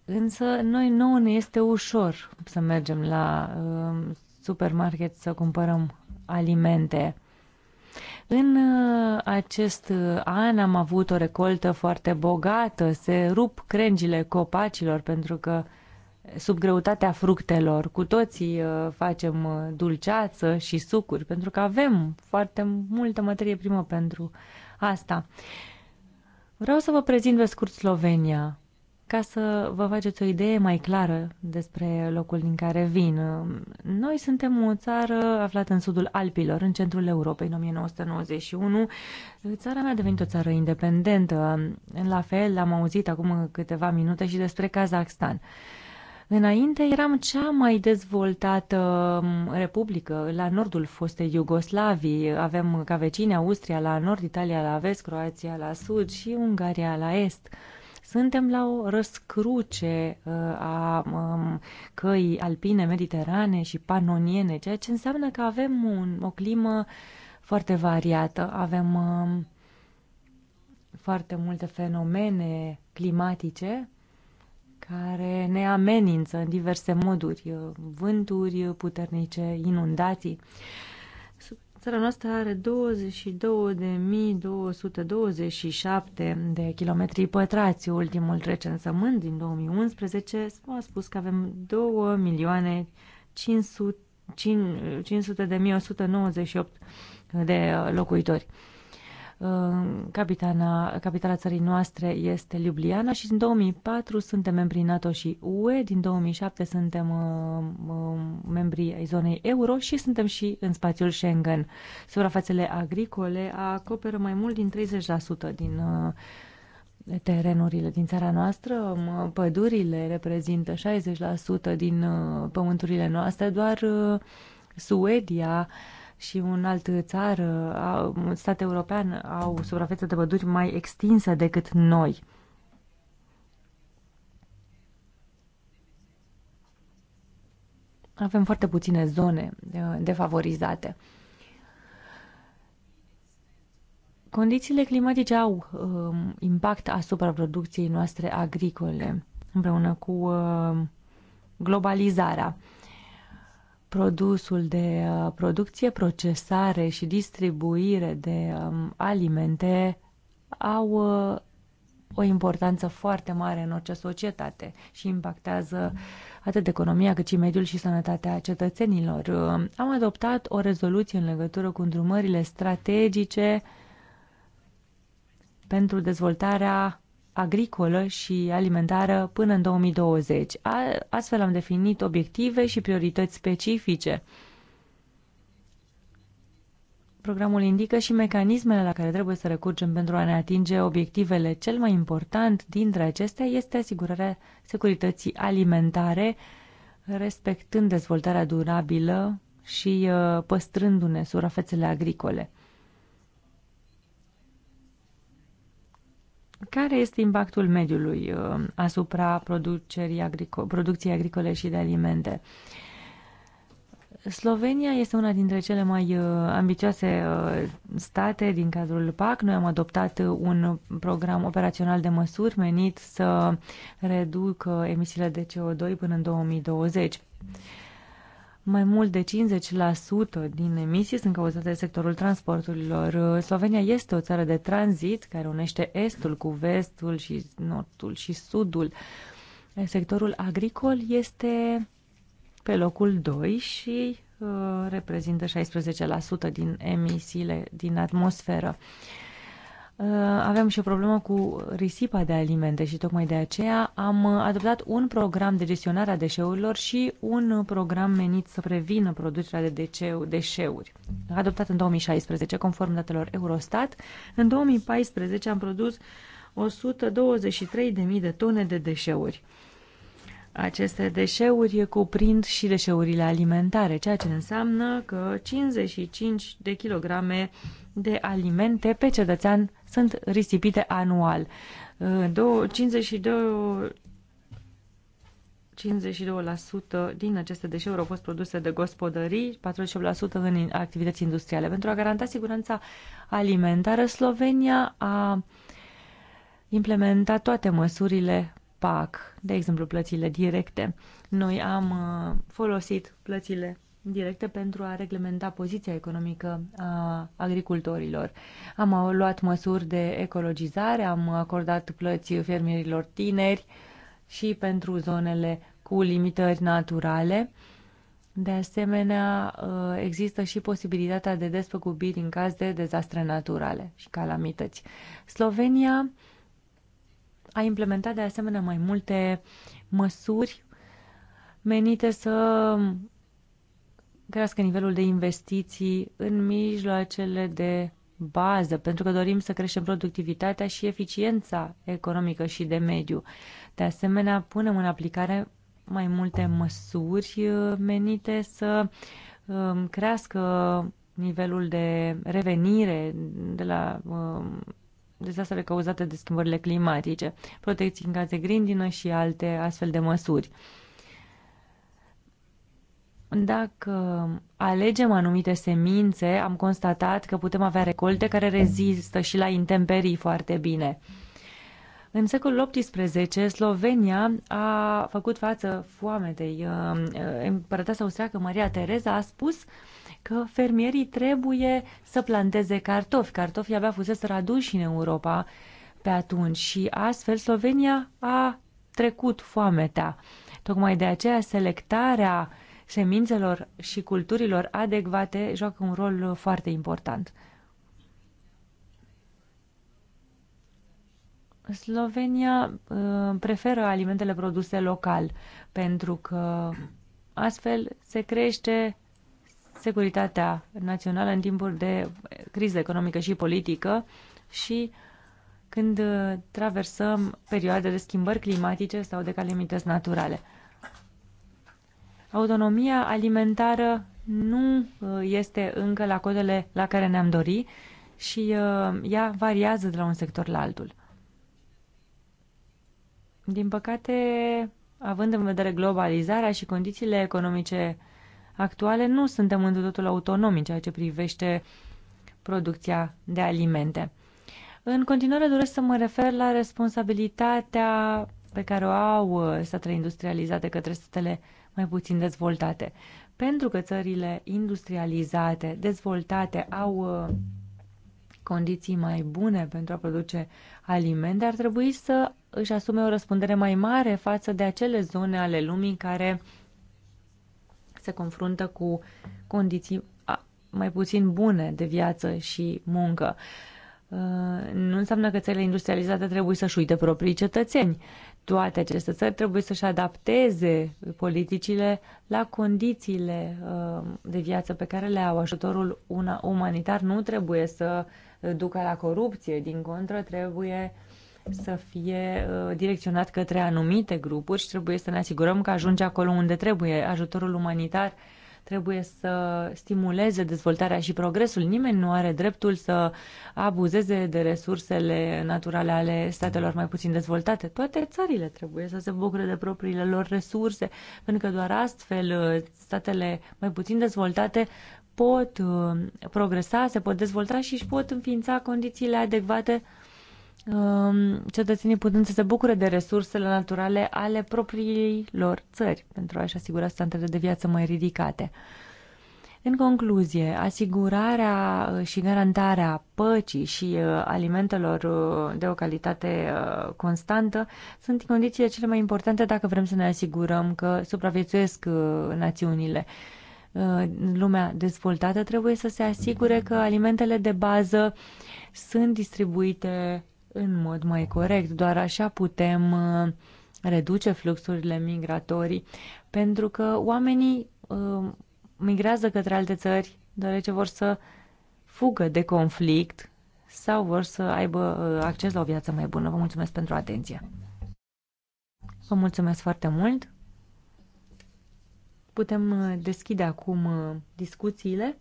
Însă noi nouă ne este ușor să mergem la uh, supermarket să cumpărăm alimente în uh, acest uh, an am avut o recoltă foarte bogată, se rup crengile copacilor pentru că sub greutatea fructelor. Cu toții uh, facem dulceață și sucuri pentru că avem foarte multă materie primă pentru asta. Vreau să vă prezint pe scurt Slovenia. Ca să vă faceți o idee mai clară despre locul din care vin, noi suntem o țară aflată în sudul Alpilor, în centrul Europei, în 1991. Țara mea a devenit o țară independentă. La fel, am auzit acum câteva minute și despre Kazakhstan. Înainte eram cea mai dezvoltată um, republică la nordul fostei Iugoslavii. Avem ca vecine Austria la nord, Italia la vest, Croația la sud și Ungaria la est. Suntem la o răscruce uh, a um, căii alpine, mediterane și panoniene, ceea ce înseamnă că avem un, o climă foarte variată. Avem um, foarte multe fenomene climatice care ne amenință în diverse moduri, uh, vânturi puternice, inundații. Țara noastră are 22.227 de kilometri pătrați. Ultimul recensământ din 2011 a spus că avem 2.500.198 de locuitori Capitana, capitala țării noastre este Ljubljana și în 2004 suntem membri NATO și UE, din 2007 suntem uh, uh, membri ai zonei euro și suntem și în spațiul Schengen. Suprafațele agricole acoperă mai mult din 30% din uh, terenurile din țara noastră, um, pădurile reprezintă 60% din pământurile noastre, doar Suedia uh, și un alt țară, un stat european, au suprafețe de păduri mai extinsă decât noi. Avem foarte puține zone defavorizate. Condițiile climatice au um, impact asupra producției noastre agricole, împreună cu uh, globalizarea produsul de uh, producție, procesare și distribuire de um, alimente au uh, o importanță foarte mare în orice societate și impactează atât economia cât și mediul și sănătatea cetățenilor. Uh, am adoptat o rezoluție în legătură cu îndrumările strategice pentru dezvoltarea agricolă și alimentară până în 2020. Astfel am definit obiective și priorități specifice. Programul indică și mecanismele la care trebuie să recurgem pentru a ne atinge obiectivele. Cel mai important dintre acestea este asigurarea securității alimentare, respectând dezvoltarea durabilă și uh, păstrându-ne surafețele agricole. Care este impactul mediului uh, asupra producerii agrico producției agricole și de alimente? Slovenia este una dintre cele mai uh, ambicioase uh, state din cadrul PAC. Noi am adoptat un program operațional de măsuri menit să reducă emisiile de CO2 până în 2020. Mai mult de 50% din emisii sunt cauzate de sectorul transporturilor. Slovenia este o țară de tranzit care unește estul cu vestul și nordul și sudul. Sectorul agricol este pe locul 2 și uh, reprezintă 16% din emisiile din atmosferă. Uh, Uh, avem și o problemă cu risipa de alimente și tocmai de aceea am adoptat un program de gestionare a deșeurilor și un program menit să prevină producerea de deșeuri. Adoptat în 2016, conform datelor Eurostat, în 2014 am produs 123.000 de tone de deșeuri. Aceste deșeuri cuprind și deșeurile alimentare, ceea ce înseamnă că 55 de kilograme de alimente pe cetățean sunt risipite anual. 52 uh, 52% din aceste deșeuri au fost produse de gospodării, 48% în activități industriale. Pentru a garanta siguranța alimentară, Slovenia a implementat toate măsurile PAC, de exemplu plățile directe. Noi am uh, folosit plățile directe pentru a reglementa poziția economică a agricultorilor. Am uh, luat măsuri de ecologizare, am acordat plăți fermierilor tineri și pentru zonele cu limitări naturale. De asemenea, uh, există și posibilitatea de despăgubiri în caz de dezastre naturale și calamități. Slovenia a implementat de asemenea mai multe măsuri menite să crească nivelul de investiții în mijloacele de bază, pentru că dorim să creștem productivitatea și eficiența economică și de mediu. De asemenea, punem în aplicare mai multe măsuri uh, menite să um, crească nivelul de revenire de la um, dezastrele cauzate de schimbările climatice, protecții în caz de grindină și alte astfel de măsuri. Dacă alegem anumite semințe, am constatat că putem avea recolte care rezistă și la intemperii foarte bine. În secolul XVIII, Slovenia a făcut față foametei. Ă, ă, împărăteasa austriacă Maria Tereza a spus că fermierii trebuie să planteze cartofi. Cartofii abia fusese aduși în Europa pe atunci și astfel Slovenia a trecut foametea. Tocmai de aceea selectarea semințelor și culturilor adecvate joacă un rol foarte important. Slovenia uh, preferă alimentele produse local pentru că astfel se crește securitatea națională în timpuri de criză economică și politică și când uh, traversăm perioade de schimbări climatice sau de calamități naturale. Autonomia alimentară nu uh, este încă la codele la care ne-am dori și ea variază de la un sector la altul. Din păcate, având în vedere globalizarea și condițiile economice actuale, nu suntem într totul autonomi în ceea ce privește producția de alimente. În continuare doresc să mă refer la responsabilitatea pe care o au uh, statele industrializate către statele mai puțin dezvoltate. Pentru că țările industrializate, dezvoltate, au uh, condiții mai bune pentru a produce alimente, ar trebui să își asume o răspundere mai mare față de acele zone ale lumii care se confruntă cu condiții mai puțin bune de viață și muncă. Uh, nu înseamnă că țările industrializate trebuie să-și uite proprii cetățeni. Toate aceste țări trebuie să-și adapteze politicile la condițiile uh, de viață pe care le au. Ajutorul umanitar nu trebuie să ducă la corupție. Din contră, trebuie să fie uh, direcționat către anumite grupuri și trebuie să ne asigurăm că ajunge acolo unde trebuie. Ajutorul umanitar trebuie să stimuleze dezvoltarea și progresul. Nimeni nu are dreptul să abuzeze de resursele naturale ale statelor mai puțin dezvoltate. Toate țările trebuie să se bucure de propriile lor resurse, pentru că doar astfel uh, statele mai puțin dezvoltate pot uh, progresa, se pot dezvolta și își pot înființa condițiile adecvate um, cetățenii putând să se bucure de resursele naturale ale propriilor lor țări pentru a-și asigura standarde de viață mai ridicate. În concluzie, asigurarea uh, și garantarea păcii și uh, alimentelor de o calitate constantă sunt condițiile cele mai importante dacă vrem să ne asigurăm că supraviețuiesc națiunile lumea dezvoltată, trebuie să se asigure că alimentele de bază sunt distribuite în mod mai corect. Doar așa putem uh, reduce fluxurile migratorii, pentru că oamenii uh, migrează către alte țări deoarece vor să fugă de conflict sau vor să aibă uh, acces la o viață mai bună. Vă mulțumesc pentru atenție. Vă mulțumesc foarte mult. Putem uh, deschide acum uh, discuțiile.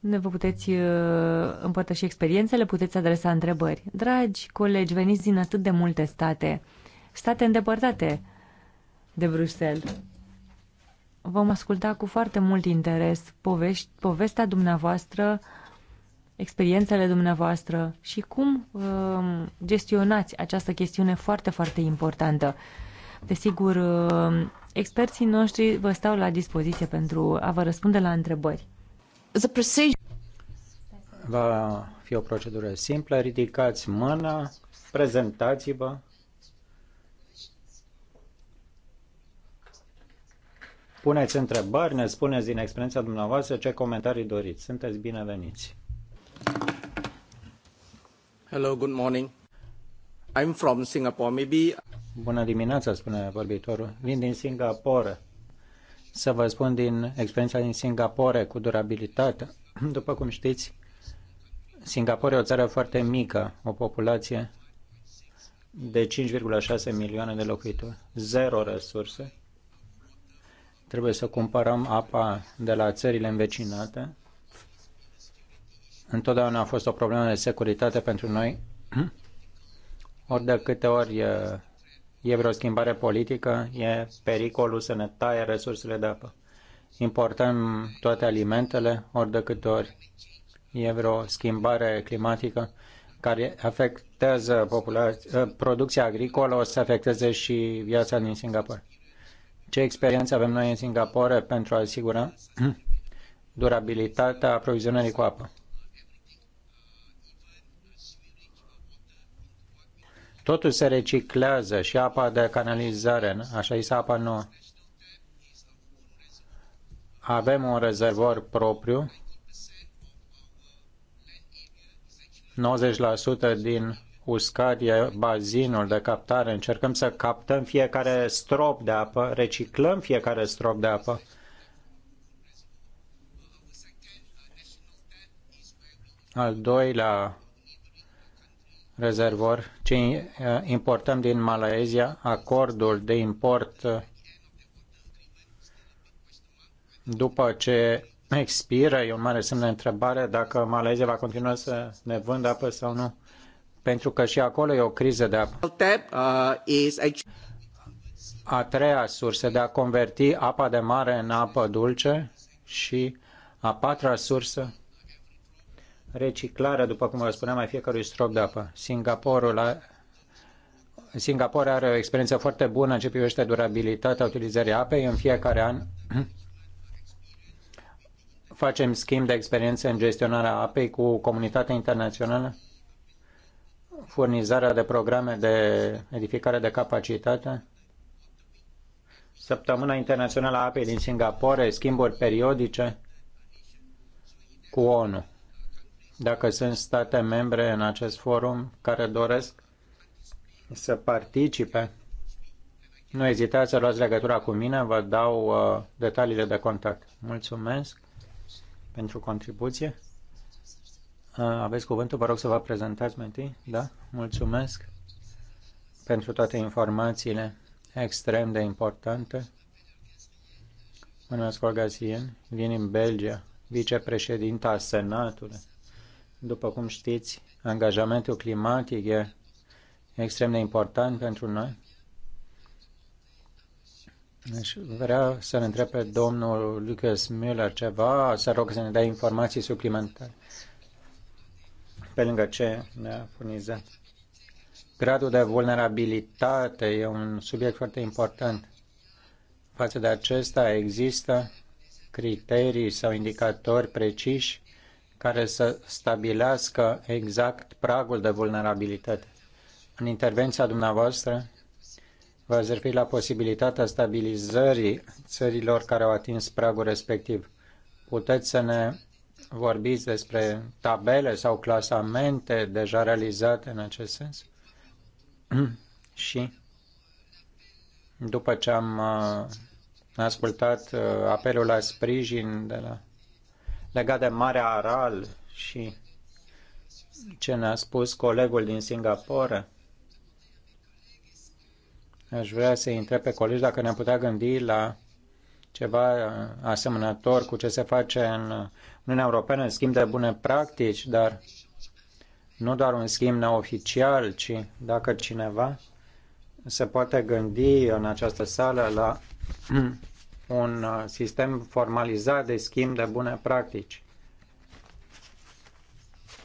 Ne vă puteți uh, împărtăși experiențele, puteți adresa întrebări. Dragi colegi, veniți din atât de multe state, state îndepărtate de Bruxelles. Vom asculta cu foarte mult interes povești, povestea dumneavoastră, experiențele dumneavoastră și cum uh, gestionați această chestiune foarte, foarte importantă. Desigur, uh, experții noștri vă stau la dispoziție pentru a vă răspunde la întrebări.
Va fi o procedură simplă, ridicați mâna, prezentați-vă. Puneți întrebări, ne spuneți din experiența dumneavoastră ce comentarii doriți. Sunteți bineveniți. Hello, good morning. I'm from Singapore. Maybe Bună dimineața, spune vorbitorul. Vin din Singapore. Să vă spun din experiența din Singapore cu durabilitate. După cum știți, Singapore e o țară foarte mică, o populație de 5,6 milioane de locuitori, zero resurse. Trebuie să cumpărăm apa de la țările învecinate. Întotdeauna a fost o problemă de securitate pentru noi. Ori de câte ori e vreo schimbare politică, e pericolul să ne taie resursele de apă. Importăm toate alimentele ori de câte ori e vreo schimbare climatică care afectează eh, producția agricolă, o să afecteze și viața din Singapore. Ce experiență avem noi în Singapore pentru a asigura durabilitatea aprovizionării cu apă? Totul se reciclează și apa de canalizare, nu? așa este apa nouă. Avem un rezervor propriu. 90% din uscat e bazinul de captare. Încercăm să captăm fiecare strop de apă, reciclăm fiecare strop de apă. Al doilea rezervor, ci uh, importăm din Malaezia acordul de import uh, după ce expiră, e un mare semn de întrebare dacă Malaezia va continua să ne vândă apă sau nu, pentru că și acolo e o criză de apă. Uh, a treia sursă de a converti apa de mare în apă dulce și a patra sursă reciclarea, după cum vă spuneam, mai fiecărui strop de apă. Singaporul a... Singapore are o experiență foarte bună în ce privește durabilitatea utilizării apei. În fiecare an facem schimb de experiențe în gestionarea apei cu comunitatea internațională, furnizarea de programe de edificare de capacitate, Săptămâna Internațională a Apei din Singapore, schimburi periodice cu ONU dacă sunt state membre în acest forum care doresc să participe, nu ezitați să luați legătura cu mine, vă dau uh, detaliile de contact. Mulțumesc pentru contribuție. Uh, aveți cuvântul, vă rog să vă prezentați mai întâi. Da? Mulțumesc pentru toate informațiile extrem de importante. Mă numesc Olga Sien, vin din Belgia, vicepreședinta Senatului după cum știți, angajamentul climatic e extrem de important pentru noi. Deci vreau să-l întreb pe domnul Lucas Müller ceva, să rog să ne dea informații suplimentare pe lângă ce ne-a furnizat. Gradul de vulnerabilitate e un subiect foarte important. Față de acesta există criterii sau indicatori preciși care să stabilească exact pragul de vulnerabilitate. În intervenția dumneavoastră v-ați referit la posibilitatea stabilizării țărilor care au atins pragul respectiv. Puteți să ne vorbiți despre tabele sau clasamente deja realizate în acest sens? Și după ce am uh, ascultat uh, apelul la sprijin de la legat de Marea Aral și ce ne-a spus colegul din Singapore. Aș vrea să întreb pe colegi dacă ne-am putea gândi la ceva asemănător cu ce se face în Uniunea Europeană, în schimb de bune practici, dar nu doar un schimb neoficial, ci dacă cineva se poate gândi în această sală la un uh, sistem formalizat de schimb de bune practici.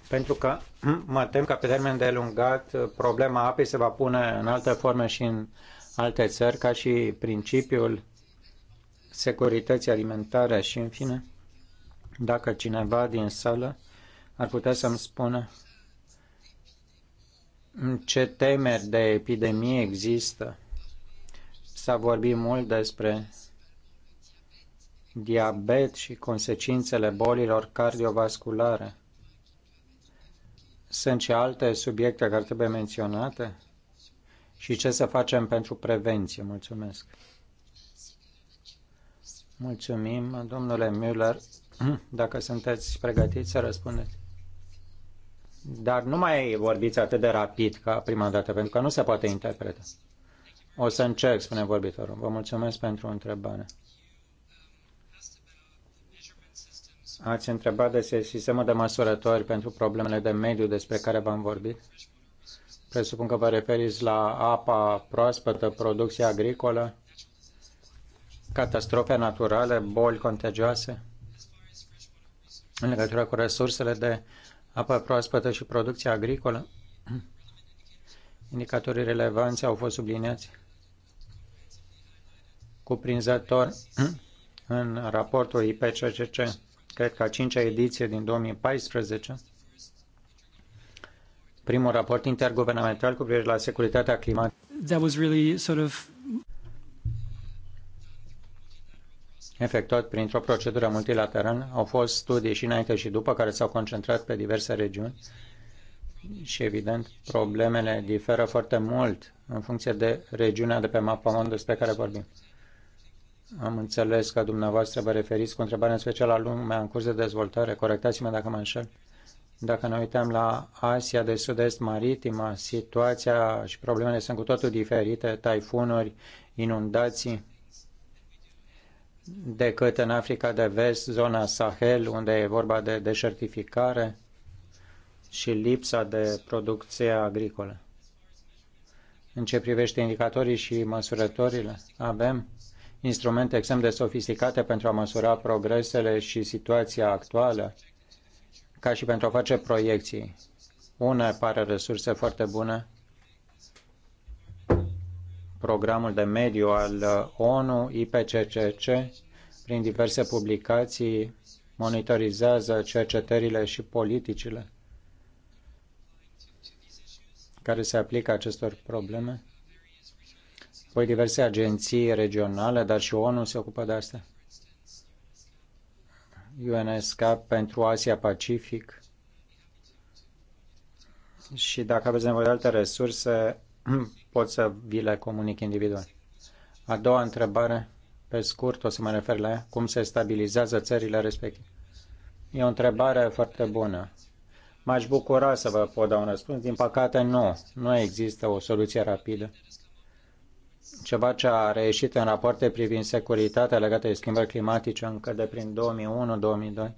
Pentru că mă tem că pe termen de lungat uh, problema apei se va pune în alte forme și în alte țări, ca și principiul securității alimentare și, în fine, dacă cineva din sală ar putea să-mi spună ce temeri de epidemie există. S-a vorbit mult despre diabet și consecințele bolilor cardiovasculare. Sunt și alte subiecte care trebuie menționate? Și ce să facem pentru prevenție? Mulțumesc. Mulțumim, domnule Müller, dacă sunteți pregătiți să răspundeți. Dar nu mai vorbiți atât de rapid ca prima dată, pentru că nu se poate interpreta. O să încerc, spune vorbitorul. Vă mulțumesc pentru întrebare. Ați întrebat de sistemul de măsurători pentru problemele de mediu despre care v-am vorbit. Presupun că vă referiți la apa proaspătă, producția agricolă, catastrofe naturale, boli contagioase, în legătură cu resursele de apă proaspătă și producția agricolă. Indicatorii relevanți au fost subliniați cuprinzător în raportul IPCCC cred că a cincea ediție din 2014, primul raport interguvernamental cu privire la securitatea climatică. That was really sort of efectuat printr-o procedură multilaterală. Au fost studii și înainte și după care s-au concentrat pe diverse regiuni și evident problemele diferă foarte mult în funcție de regiunea de pe mapa mondului despre care vorbim. Am înțeles că dumneavoastră vă referiți cu întrebarea specială la lumea în curs de dezvoltare. Corectați-mă dacă mă înșel. Dacă ne uităm la Asia de Sud-Est maritimă, situația și problemele sunt cu totul diferite, taifunuri, inundații, decât în Africa de Vest, zona Sahel, unde e vorba de deșertificare și lipsa de producție agricolă. În ce privește indicatorii și măsurătorile, avem instrumente extrem de sofisticate pentru a măsura progresele și situația actuală, ca și pentru a face proiecții. Una pare resurse foarte bune, programul de mediu al uh, ONU, IPCCC, prin diverse publicații, monitorizează cercetările și politicile care se aplică acestor probleme Apoi diverse agenții regionale, dar și ONU se ocupă de asta. UNSCAP pentru Asia-Pacific. Și dacă aveți nevoie de alte resurse, pot să vi le comunic individual. A doua întrebare, pe scurt, o să mă refer la ea, cum se stabilizează țările respective. E o întrebare foarte bună. M-aș bucura să vă pot da un răspuns. Din păcate, nu. Nu există o soluție rapidă ceva ce a reieșit în rapoarte privind securitatea legată de schimbări climatice încă de prin 2001-2002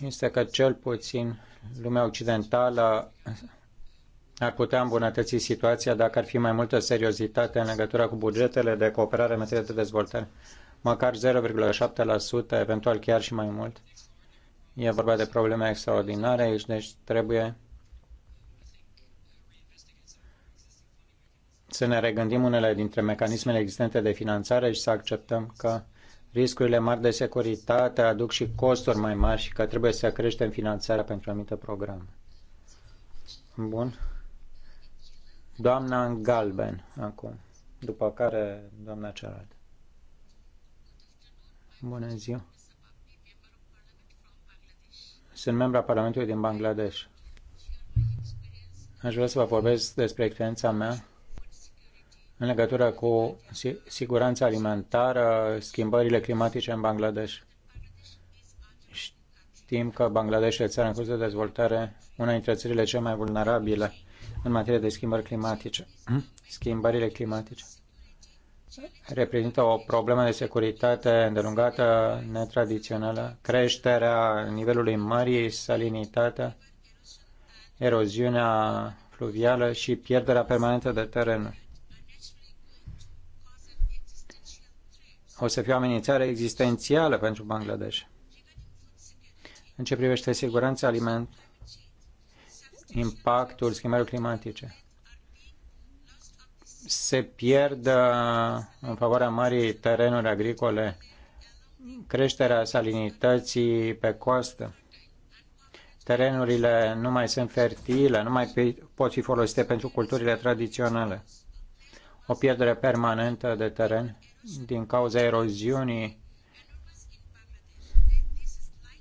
este că cel puțin lumea occidentală ar putea îmbunătăți situația dacă ar fi mai multă seriozitate în legătură cu bugetele de cooperare în materie de dezvoltare, măcar 0,7%, eventual chiar și mai mult. E vorba de probleme extraordinare aici, deci trebuie să ne regândim unele dintre mecanismele existente de finanțare și să acceptăm că riscurile mari de securitate aduc și costuri mai mari și că trebuie să creștem finanțarea pentru anumite programe. Bun. Doamna în galben, acum, după care doamna cealaltă. Bună ziua. Sunt a Parlamentului din Bangladesh. Aș vrea să vă vorbesc despre experiența mea în legătură cu siguranța alimentară, schimbările climatice în Bangladesh. Știm că Bangladesh e țara în curs de dezvoltare, una dintre țările cele mai vulnerabile în materie de schimbări climatice. Schimbările climatice reprezintă o problemă de securitate îndelungată, netradițională, creșterea nivelului mării, salinitatea, eroziunea fluvială și pierderea permanentă de terenuri. o să fie o amenințare existențială pentru Bangladesh. În ce privește siguranța aliment, impactul schimbărilor climatice, se pierd uh, în favoarea marii terenuri agricole creșterea salinității pe coastă. Terenurile nu mai sunt fertile, nu mai pot fi folosite pentru culturile tradiționale. O pierdere permanentă de teren din cauza eroziunii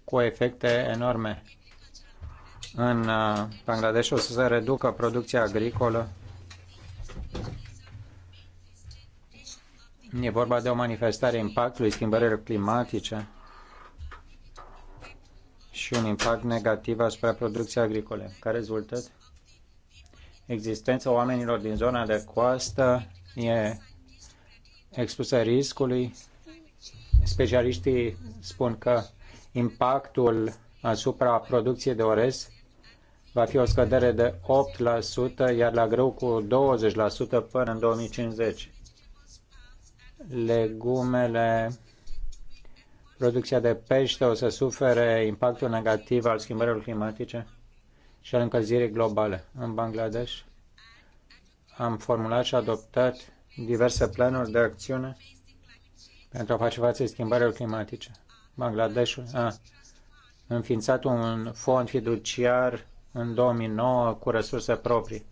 cu efecte enorme. În uh, Bangladesh o să se reducă producția agricolă. E vorba de o manifestare impactului schimbărilor climatice și un impact negativ asupra producției agricole. Ca rezultat, existența oamenilor din zona de coastă e expusă riscului. Specialiștii spun că impactul asupra producției de orez va fi o scădere de 8%, iar la grâu cu 20% până în 2050. Legumele, producția de pește o să sufere impactul negativ al schimbărilor climatice și al încălzirii globale. În Bangladesh am formulat și adoptat diverse planuri de acțiune pentru a face față schimbărilor climatice. Bangladeshul a înființat un fond fiduciar în 2009 cu resurse proprii.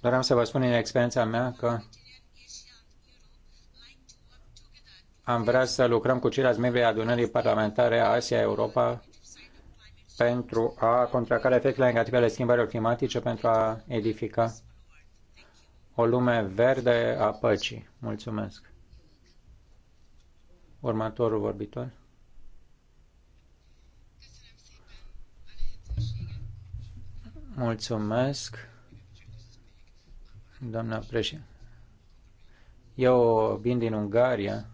Doream să vă spun în experiența mea că am vrea să lucrăm cu ceilalți membri adunării parlamentare Asia-Europa pentru a contracara efectele negative ale schimbărilor climatice, pentru a edifica o lume verde a păcii. Mulțumesc. Următorul vorbitor. Mulțumesc, doamna președinte. Eu vin din Ungaria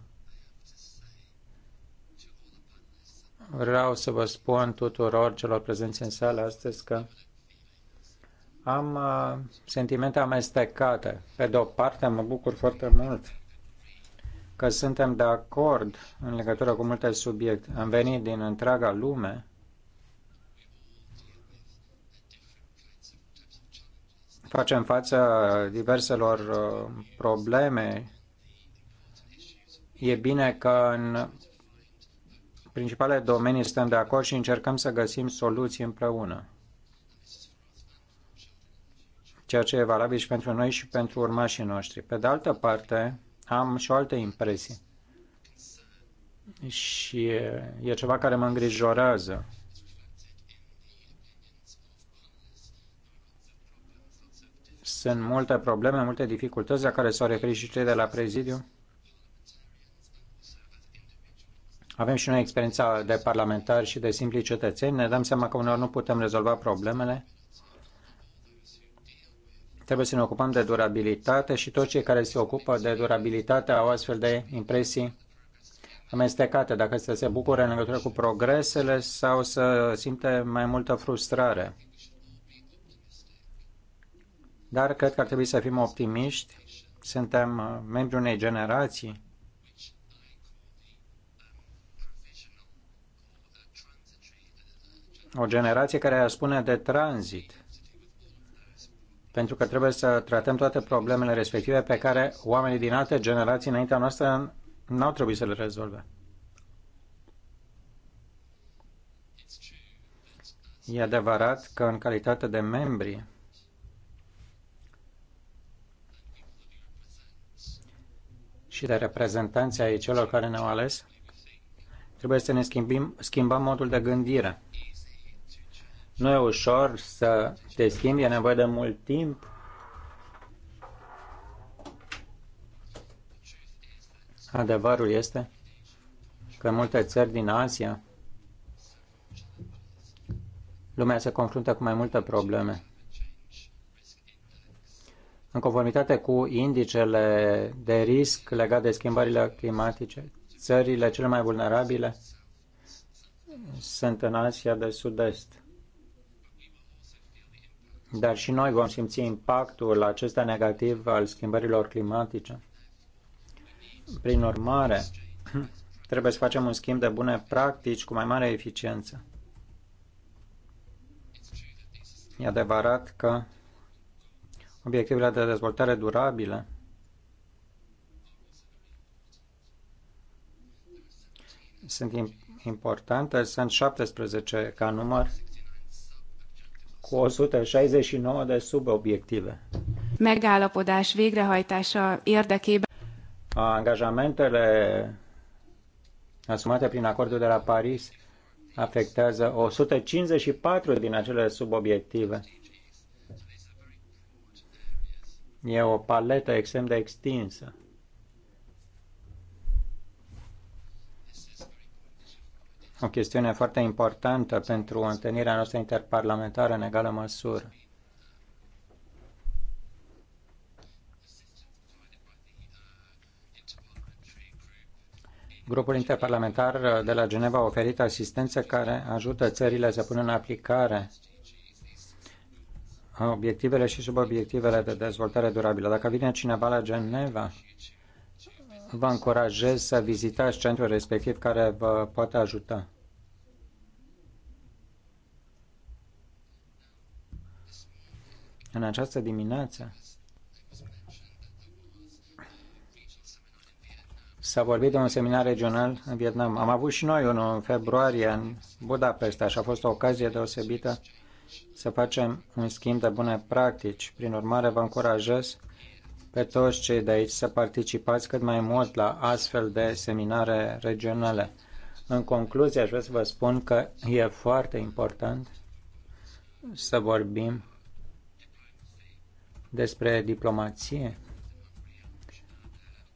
Vreau să vă spun tuturor celor prezenți în sală astăzi că am uh, sentimente amestecate. Pe de o parte, mă bucur foarte mult că suntem de acord în legătură cu multe subiecte. Am venit din întreaga lume facem față diverselor uh, probleme. E bine că în principale domenii suntem de acord și încercăm să găsim soluții împreună. Ceea ce e valabil și pentru noi și pentru urmașii noștri. Pe de altă parte, am și o altă impresie. Și e ceva care mă îngrijorează. Sunt multe probleme, multe dificultăți la care s-au referit și cei de la prezidiu Avem și noi experiența de parlamentari și de simpli cetățeni. Ne dăm seama că uneori nu putem rezolva problemele. Trebuie să ne ocupăm de durabilitate și toți cei care se ocupă de durabilitate au astfel de impresii amestecate, dacă să se bucure în legătură cu progresele sau să simte mai multă frustrare. Dar cred că ar trebui să fim optimiști. Suntem uh, membri unei generații o generație care ar spune de tranzit, pentru că trebuie să tratăm toate problemele respective pe care oamenii din alte generații înaintea noastră n-au trebuit să le rezolve. E adevărat că în calitate de membri și de reprezentanți ai celor care ne-au ales, trebuie să ne schimbim, schimbăm modul de gândire. Nu e ușor să te schimbi, e nevoie de mult timp. Adevărul este că în multe țări din Asia lumea se confruntă cu mai multe probleme. În conformitate cu indicele de risc legat de schimbările climatice, țările cele mai vulnerabile sunt în Asia de Sud-Est dar și noi vom simți impactul acesta negativ al schimbărilor climatice. Prin urmare, trebuie să facem un schimb de bune practici cu mai mare eficiență. E adevărat că obiectivele de dezvoltare durabilă sunt importante, sunt 17 ca număr cu 169 de subobiective.
Megállapodás végrehajtása érdekében
angajamentele asumate prin acordul de la Paris afectează 154 din acele subobiective. E o paletă extrem de extinsă. o chestiune foarte importantă pentru întâlnirea noastră interparlamentară în egală măsură. Grupul interparlamentar de la Geneva a oferit asistență care ajută țările să pună în aplicare obiectivele și subobiectivele de dezvoltare durabilă. Dacă vine cineva la Geneva vă încurajez să vizitați centrul respectiv care vă poate ajuta. În această dimineață s-a vorbit de un seminar regional în Vietnam. Am avut și noi unul în februarie în Budapesta și a fost o ocazie deosebită să facem un schimb de bune practici. Prin urmare, vă încurajez pe toți cei de aici să participați cât mai mult la astfel de seminare regionale. În concluzie, aș vrea să vă spun că e foarte important să vorbim despre diplomație.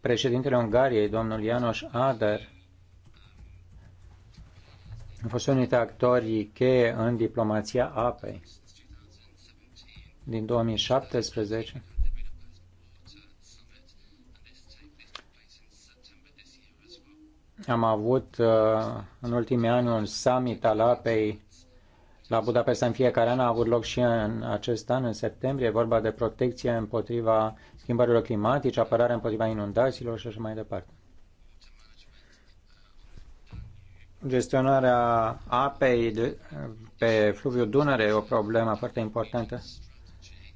Președintele Ungariei, domnul Janos Ader, a fost unul dintre actorii cheie în diplomația apei din 2017 Am avut uh, în ultimii ani un summit al apei la Budapesta în fiecare an a avut loc și în acest an, în septembrie, e vorba de protecție împotriva schimbărilor climatice, apărare împotriva inundațiilor și așa mai departe. Gestionarea apei de, pe fluviul Dunăre e o problemă foarte importantă.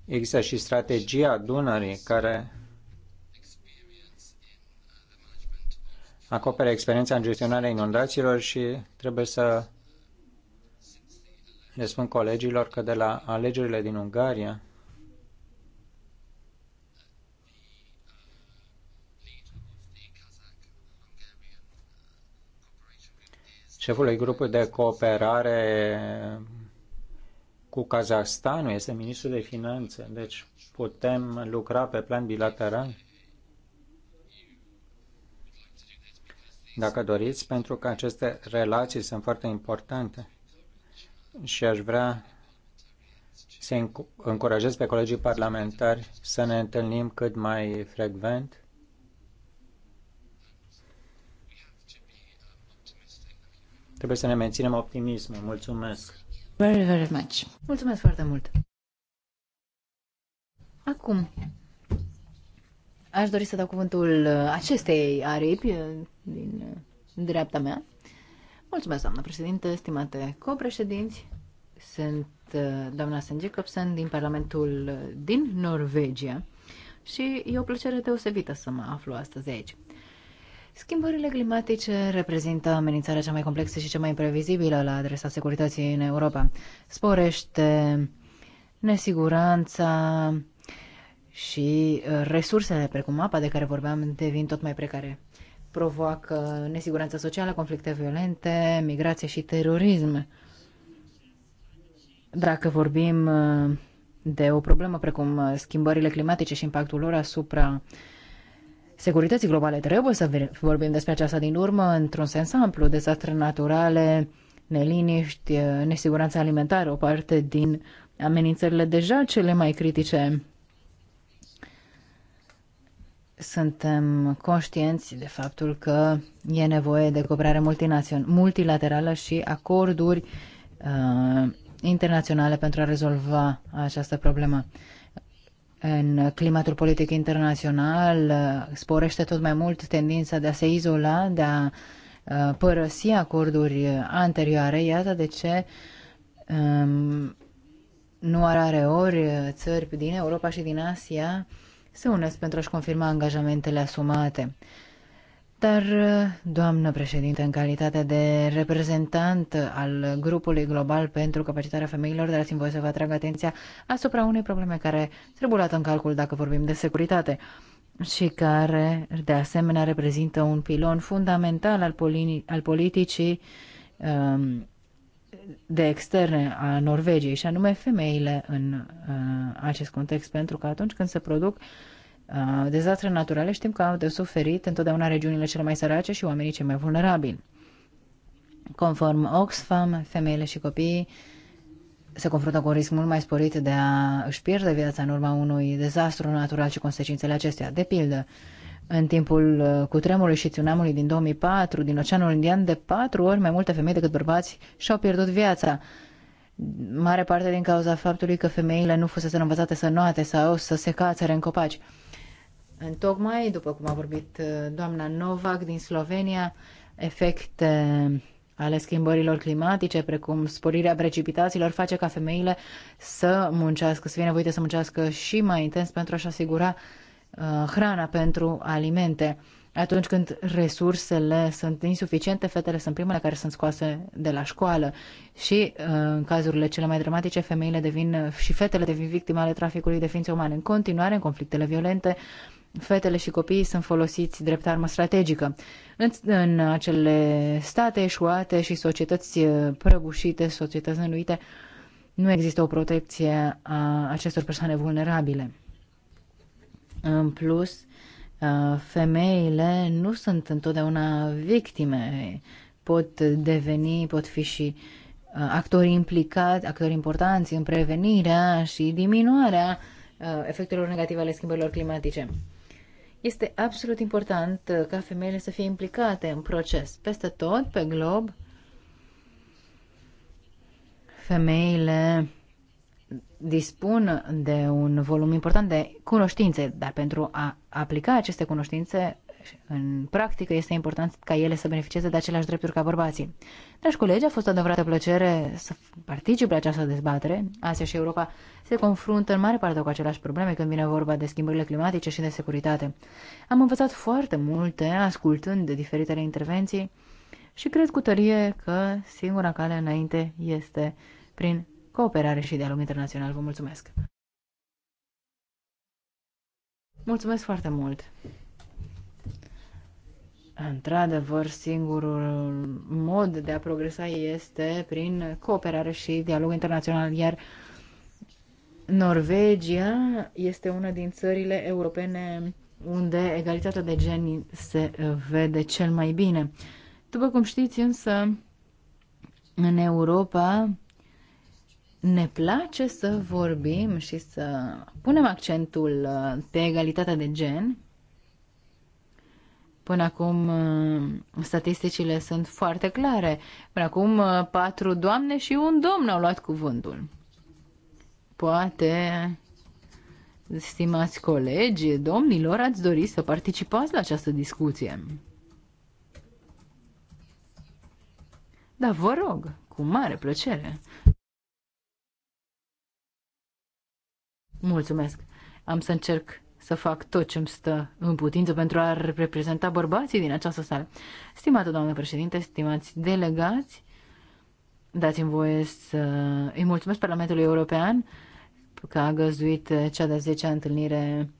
Există și strategia Dunării care acopere experiența în gestionarea inundațiilor și trebuie să le spun colegilor că de la alegerile din Ungaria șefului grupului de cooperare cu Kazahstanul este ministrul de finanțe, deci putem lucra pe plan bilateral dacă doriți, pentru că aceste relații sunt foarte importante și aș vrea să încurajez pe colegii parlamentari să ne întâlnim cât mai frecvent. Trebuie să ne menținem optimismul. Mulțumesc!
Very, very much. Mulțumesc foarte mult! Acum, Aș dori să dau cuvântul uh, acestei aripi uh, din uh, dreapta mea. Mulțumesc, doamnă președinte, stimate copreședinți. Sunt doamna St. Jacobsen din Parlamentul din Norvegia și e o plăcere deosebită să mă aflu astăzi aici. Schimbările climatice reprezintă amenințarea cea mai complexă și cea mai imprevizibilă la adresa securității în Europa. Sporește nesiguranța, și uh, resursele, precum apa de care vorbeam, devin tot mai precare. Provoacă nesiguranță socială, conflicte violente, migrație și terorism. Dacă vorbim uh, de o problemă precum uh, schimbările climatice și impactul lor asupra securității globale, trebuie să vorbim despre aceasta din urmă într-un sens amplu, dezastre naturale, neliniști, nesiguranță alimentară, o parte din amenințările deja cele mai critice suntem conștienți de faptul că e nevoie de cooperare multilaterală și acorduri uh, internaționale pentru a rezolva această problemă. În climatul politic internațional uh, sporește tot mai mult tendința de a se izola, de a uh, părăsi acorduri anterioare. Iată de ce um, nu are ori uh, țări din Europa și din Asia se unesc pentru a-și confirma angajamentele asumate. Dar, doamnă președinte, în calitate de reprezentant al grupului global pentru capacitarea femeilor, dar simt voie să vă atrag atenția asupra unei probleme care trebuie luată în calcul dacă vorbim de securitate și care, de asemenea, reprezintă un pilon fundamental al, polini- al politicii um, de externe a Norvegiei, și anume femeile în uh, acest context, pentru că atunci când se produc uh, dezastre naturale, știm că au de suferit întotdeauna regiunile cele mai sărace și oamenii cei mai vulnerabili. Conform Oxfam, femeile și copiii se confruntă cu un risc mult mai sporit de a își pierde viața în urma unui dezastru natural și consecințele acestea. De pildă, uh, în timpul uh, cutremurului și tsunamului din 2004 din Oceanul Indian, de patru ori mai multe femei decât bărbați și-au pierdut viața. Mare parte din cauza faptului că femeile nu fusese învățate să noate sau să se cațere în copaci. În tocmai, după cum a vorbit uh, doamna Novak din Slovenia, efecte ale schimbărilor climatice, precum sporirea precipitațiilor, face ca femeile să muncească, să fie nevoite să muncească și mai intens pentru a-și asigura uh, Uh, hrana pentru alimente. Atunci când resursele sunt insuficiente, fetele sunt primele care sunt scoase de la școală și, uh, în cazurile cele mai dramatice, femeile devin uh, și fetele devin victime ale traficului de ființe umane. În continuare, în conflictele violente, fetele și copiii sunt folosiți drept armă strategică. În, în acele state eșuate și societăți prăbușite, societăți năluite, nu există o protecție a acestor persoane vulnerabile. În plus, uh, femeile nu sunt întotdeauna victime, pot deveni, pot fi și uh, actori implicați, actori importanți în prevenirea și diminuarea uh, efectelor negative ale schimbărilor climatice. Este absolut important ca femeile să fie implicate în proces. Peste tot, pe glob, femeile dispun de un volum important de cunoștințe, dar pentru a aplica aceste cunoștințe în practică este important ca ele să beneficieze de aceleași drepturi ca bărbații. Dragi colegi, a fost o adevărată plăcere să particip la această dezbatere. Asia și Europa se confruntă în mare parte cu aceleași probleme când vine vorba de schimbările climatice și de securitate. Am învățat foarte multe ascultând de diferitele intervenții și cred cu tărie că singura cale înainte este prin cooperare și dialog internațional. Vă mulțumesc! Mulțumesc foarte mult! Într-adevăr, singurul mod de a progresa este prin cooperare și dialog internațional, iar Norvegia este una din țările europene unde egalitatea de gen se vede cel mai bine. După cum știți, însă, în Europa, ne place să vorbim și să punem accentul uh, pe egalitatea de gen. Până acum uh, statisticile sunt foarte clare. Până acum uh, patru doamne și un domn au luat cuvântul. Poate, stimați colegi, domnilor, ați dori să participați la această discuție. Da, vă rog, cu mare plăcere. Mulțumesc. Am să încerc să fac tot ce îmi stă în putință pentru a reprezenta bărbații din această sală. Stimată doamnă președinte, stimați delegați, dați-mi voie să îi mulțumesc Parlamentului European că a găzduit cea de-a 10-a întâlnire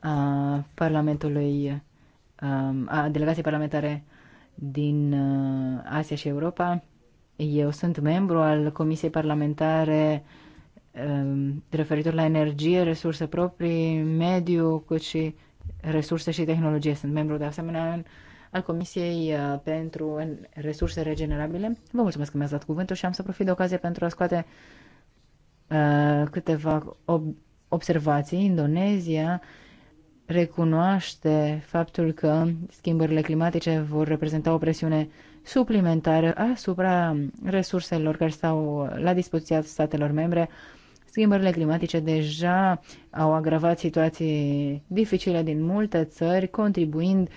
a Parlamentului, um, a delegației parlamentare din uh, Asia și Europa. Eu sunt membru al Comisiei Parlamentare uh, Ehm, referitor la energie, resurse proprii, mediu, cât și resurse și tehnologie. Sunt membru de asemenea în, al Comisiei uh, pentru Resurse Regenerabile. Vă mulțumesc că mi-ați dat cuvântul și am să profit de ocazie pentru a scoate uh, câteva ob- observații. Indonezia recunoaște faptul că schimbările climatice vor reprezenta o presiune suplimentară asupra resurselor care stau la dispoziția statelor membre. Uh, Schimbările climatice deja au agravat situații dificile din multe țări, contribuind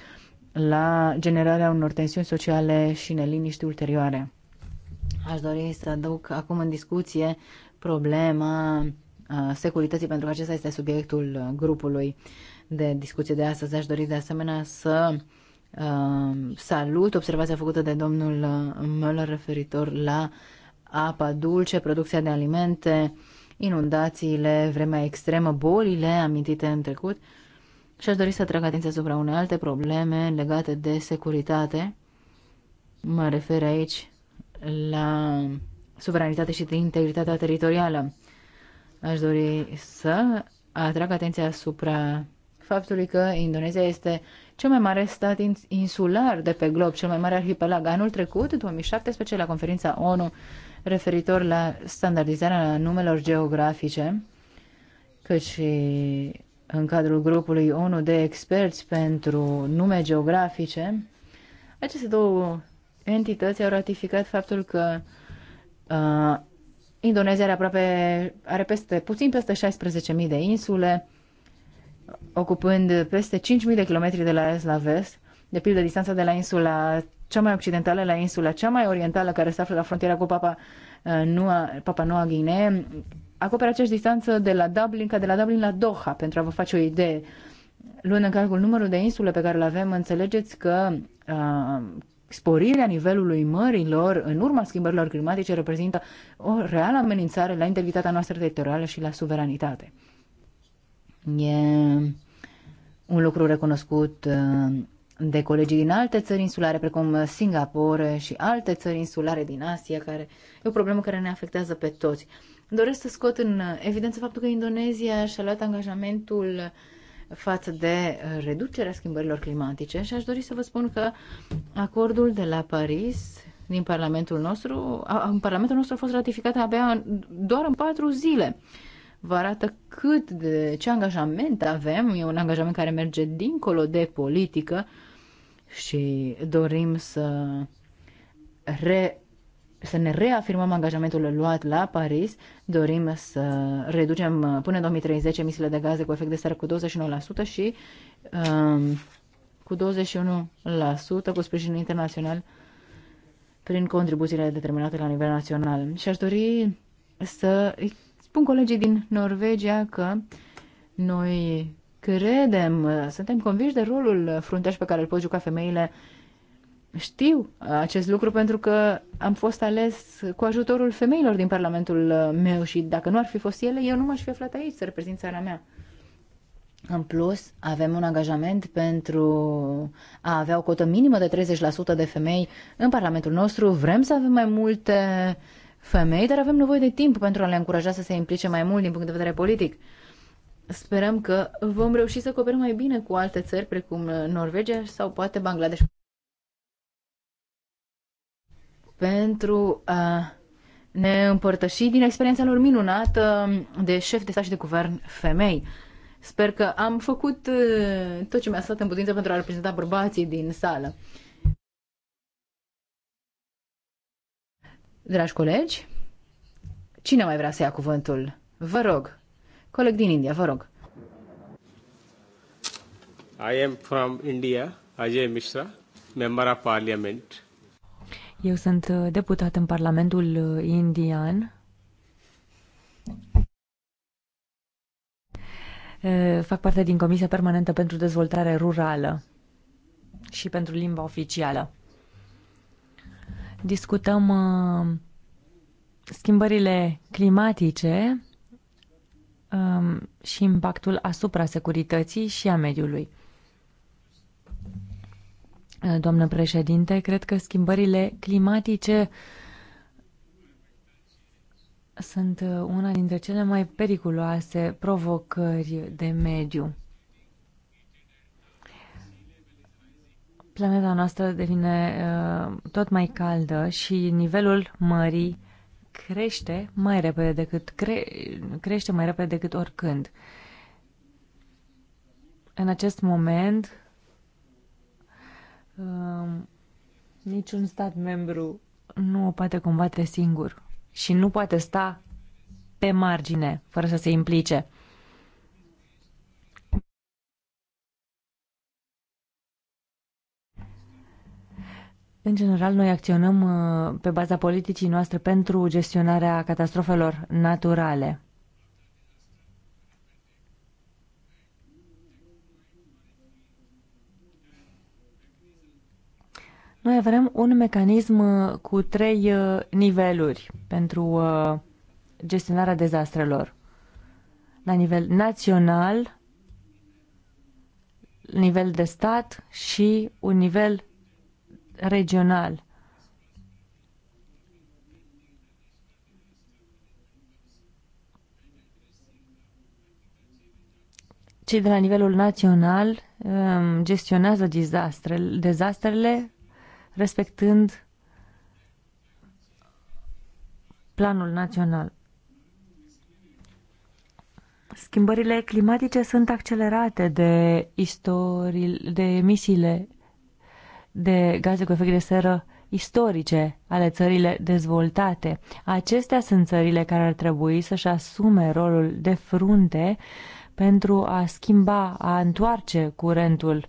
la generarea unor tensiuni sociale și neliniști ulterioare. Aș dori să aduc acum în discuție problema securității, pentru că acesta este subiectul grupului de discuție de astăzi. Aș dori de asemenea să salut observația făcută de domnul Möller referitor la apa dulce, producția de alimente, inundațiile, vremea extremă, bolile amintite în trecut și aș dori să atrag atenția asupra unei alte probleme legate de securitate. Mă refer aici la suveranitate și integritatea teritorială. Aș dori să atrag atenția asupra faptului că Indonezia este cel mai mare stat insular de pe glob, cel mai mare arhipelag. Anul trecut, 2017, la conferința ONU referitor la standardizarea numelor geografice, cât și în cadrul grupului ONU de experți pentru nume geografice, aceste două entități au ratificat faptul că uh, Indonezia are aproape, are peste, puțin peste 16.000 de insule, ocupând peste 5.000 de kilometri de la est la vest. De pildă, distanța de la insula cea mai occidentală la insula cea mai orientală care se află la frontiera cu Papa uh, Noua, Papa Noua Guinee, acoperă aceeași distanță de la Dublin ca de la Dublin la Doha, pentru a vă face o idee. Luând în calcul numărul de insule pe care le avem, înțelegeți că uh, sporirea nivelului mărilor în urma schimbărilor climatice reprezintă o reală amenințare la integritatea noastră teritorială și la suveranitate. E un lucru recunoscut uh, de colegii din alte țări insulare, precum uh, Singapore și alte țări insulare din Asia, care e o problemă care ne afectează pe toți. Doresc să scot în uh, evidență faptul că Indonezia și-a luat angajamentul față de uh, reducerea schimbărilor climatice și aș dori să vă spun că acordul de la Paris din Parlamentul nostru, în Parlamentul nostru a fost ratificat abia doar în patru zile vă arată cât de ce angajament avem. E un angajament care merge dincolo de politică și dorim să, re, să ne reafirmăm angajamentul luat la Paris. Dorim să reducem până în 2030 emisiile de gaze cu efect de seră cu 29% și um, cu 21% cu sprijin internațional prin contribuțiile determinate la nivel național. Și aș dori să Spun colegii din Norvegia că noi credem, suntem convinși de rolul fruntaș pe care îl pot juca femeile. Știu acest lucru pentru că am fost ales cu ajutorul femeilor din Parlamentul meu și dacă nu ar fi fost ele, eu nu m-aș fi aflat aici să reprezint țara mea. În plus, avem un angajament pentru a avea o cotă minimă de 30% de femei în Parlamentul nostru. Vrem să avem mai multe uh, femei, dar avem nevoie de timp pentru a le încuraja să se implice mai mult din punct de vedere politic. Sperăm că vom reuși să cooperăm mai bine cu alte țări, precum uh, Norvegia sau poate Bangladesh. Pentru a ne împărtăși din experiența lor minunată uh, de șef de stat și de guvern femei. Sper că am făcut uh, tot ce mi-a stat în putință pentru a reprezenta bărbații din sală. Dragi colegi, cine mai vrea să ia cuvântul? Vă rog.
Coleg din India, vă rog.
I am from India, Ajay Mishra, member of parliament.
Eu sunt uh, deputat în Parlamentul uh, indian. Uh, fac parte din Comisia Permanentă pentru Dezvoltare Rurală și pentru Limba Oficială discutăm uh, schimbările climatice um, și impactul asupra securității și a mediului. Uh, doamnă președinte, cred că schimbările climatice sunt uh, una dintre cele mai periculoase provocări de mediu. Planeta noastră devine uh, tot mai caldă și nivelul mării crește mai repede decât cre- crește mai repede decât oricând. În acest moment uh, niciun stat membru nu o poate combate singur și nu poate sta pe margine fără să se implice. În general, noi acționăm uh, pe baza politicii noastre pentru gestionarea catastrofelor naturale. Noi avem un mecanism uh, cu trei uh, niveluri pentru gestionarea dezastrelor. La nivel național, nivel de stat și un nivel regional. Cei de la nivelul național um, gestionează dezastrele, dezastrele respectând planul național. Schimbările climatice sunt accelerate de, istorii, de emisiile de gaze cu efect de seră istorice ale țările dezvoltate. Acestea sunt țările care ar trebui să-și asume rolul de frunte pentru a schimba, a întoarce curentul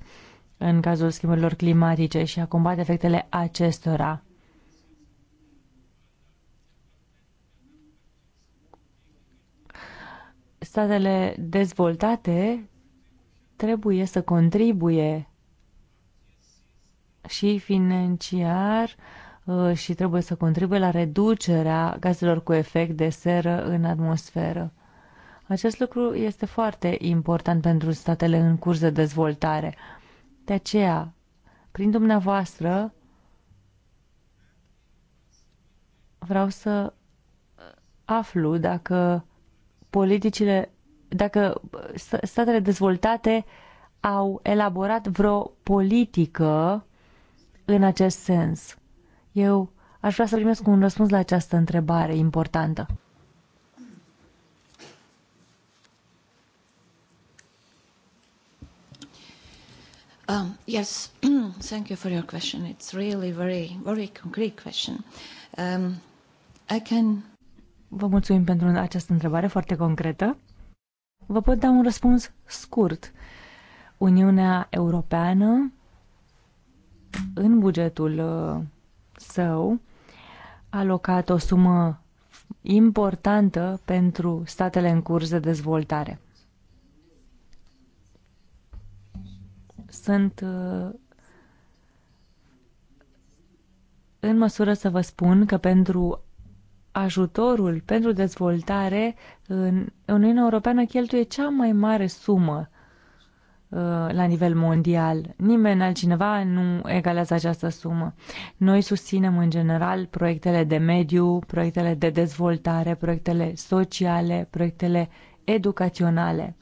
în cazul schimbărilor climatice și a combate efectele acestora. Statele dezvoltate trebuie să contribuie și financiar uh, și trebuie să contribuie la reducerea gazelor cu efect de seră în atmosferă. Acest lucru este foarte important pentru statele în curs de dezvoltare. De aceea, prin dumneavoastră, vreau să aflu dacă politicile, dacă statele dezvoltate au elaborat vreo politică în acest sens? Eu aș vrea să primesc un răspuns la această întrebare importantă. Um, yes, thank you for your question. It's really very, very concrete question. Um, I can... Vă mulțumim pentru această întrebare foarte concretă. Vă pot da un răspuns scurt. Uniunea Europeană în bugetul uh, său alocat o sumă importantă pentru statele în curs de dezvoltare. Sunt uh, în măsură să vă spun că pentru ajutorul pentru dezvoltare în Uniunea Europeană cheltuie cea mai mare sumă Uh, la nivel mondial. Nimeni altcineva nu egalează această sumă. Noi susținem în general proiectele de mediu, proiectele de dezvoltare, proiectele sociale, proiectele educaționale.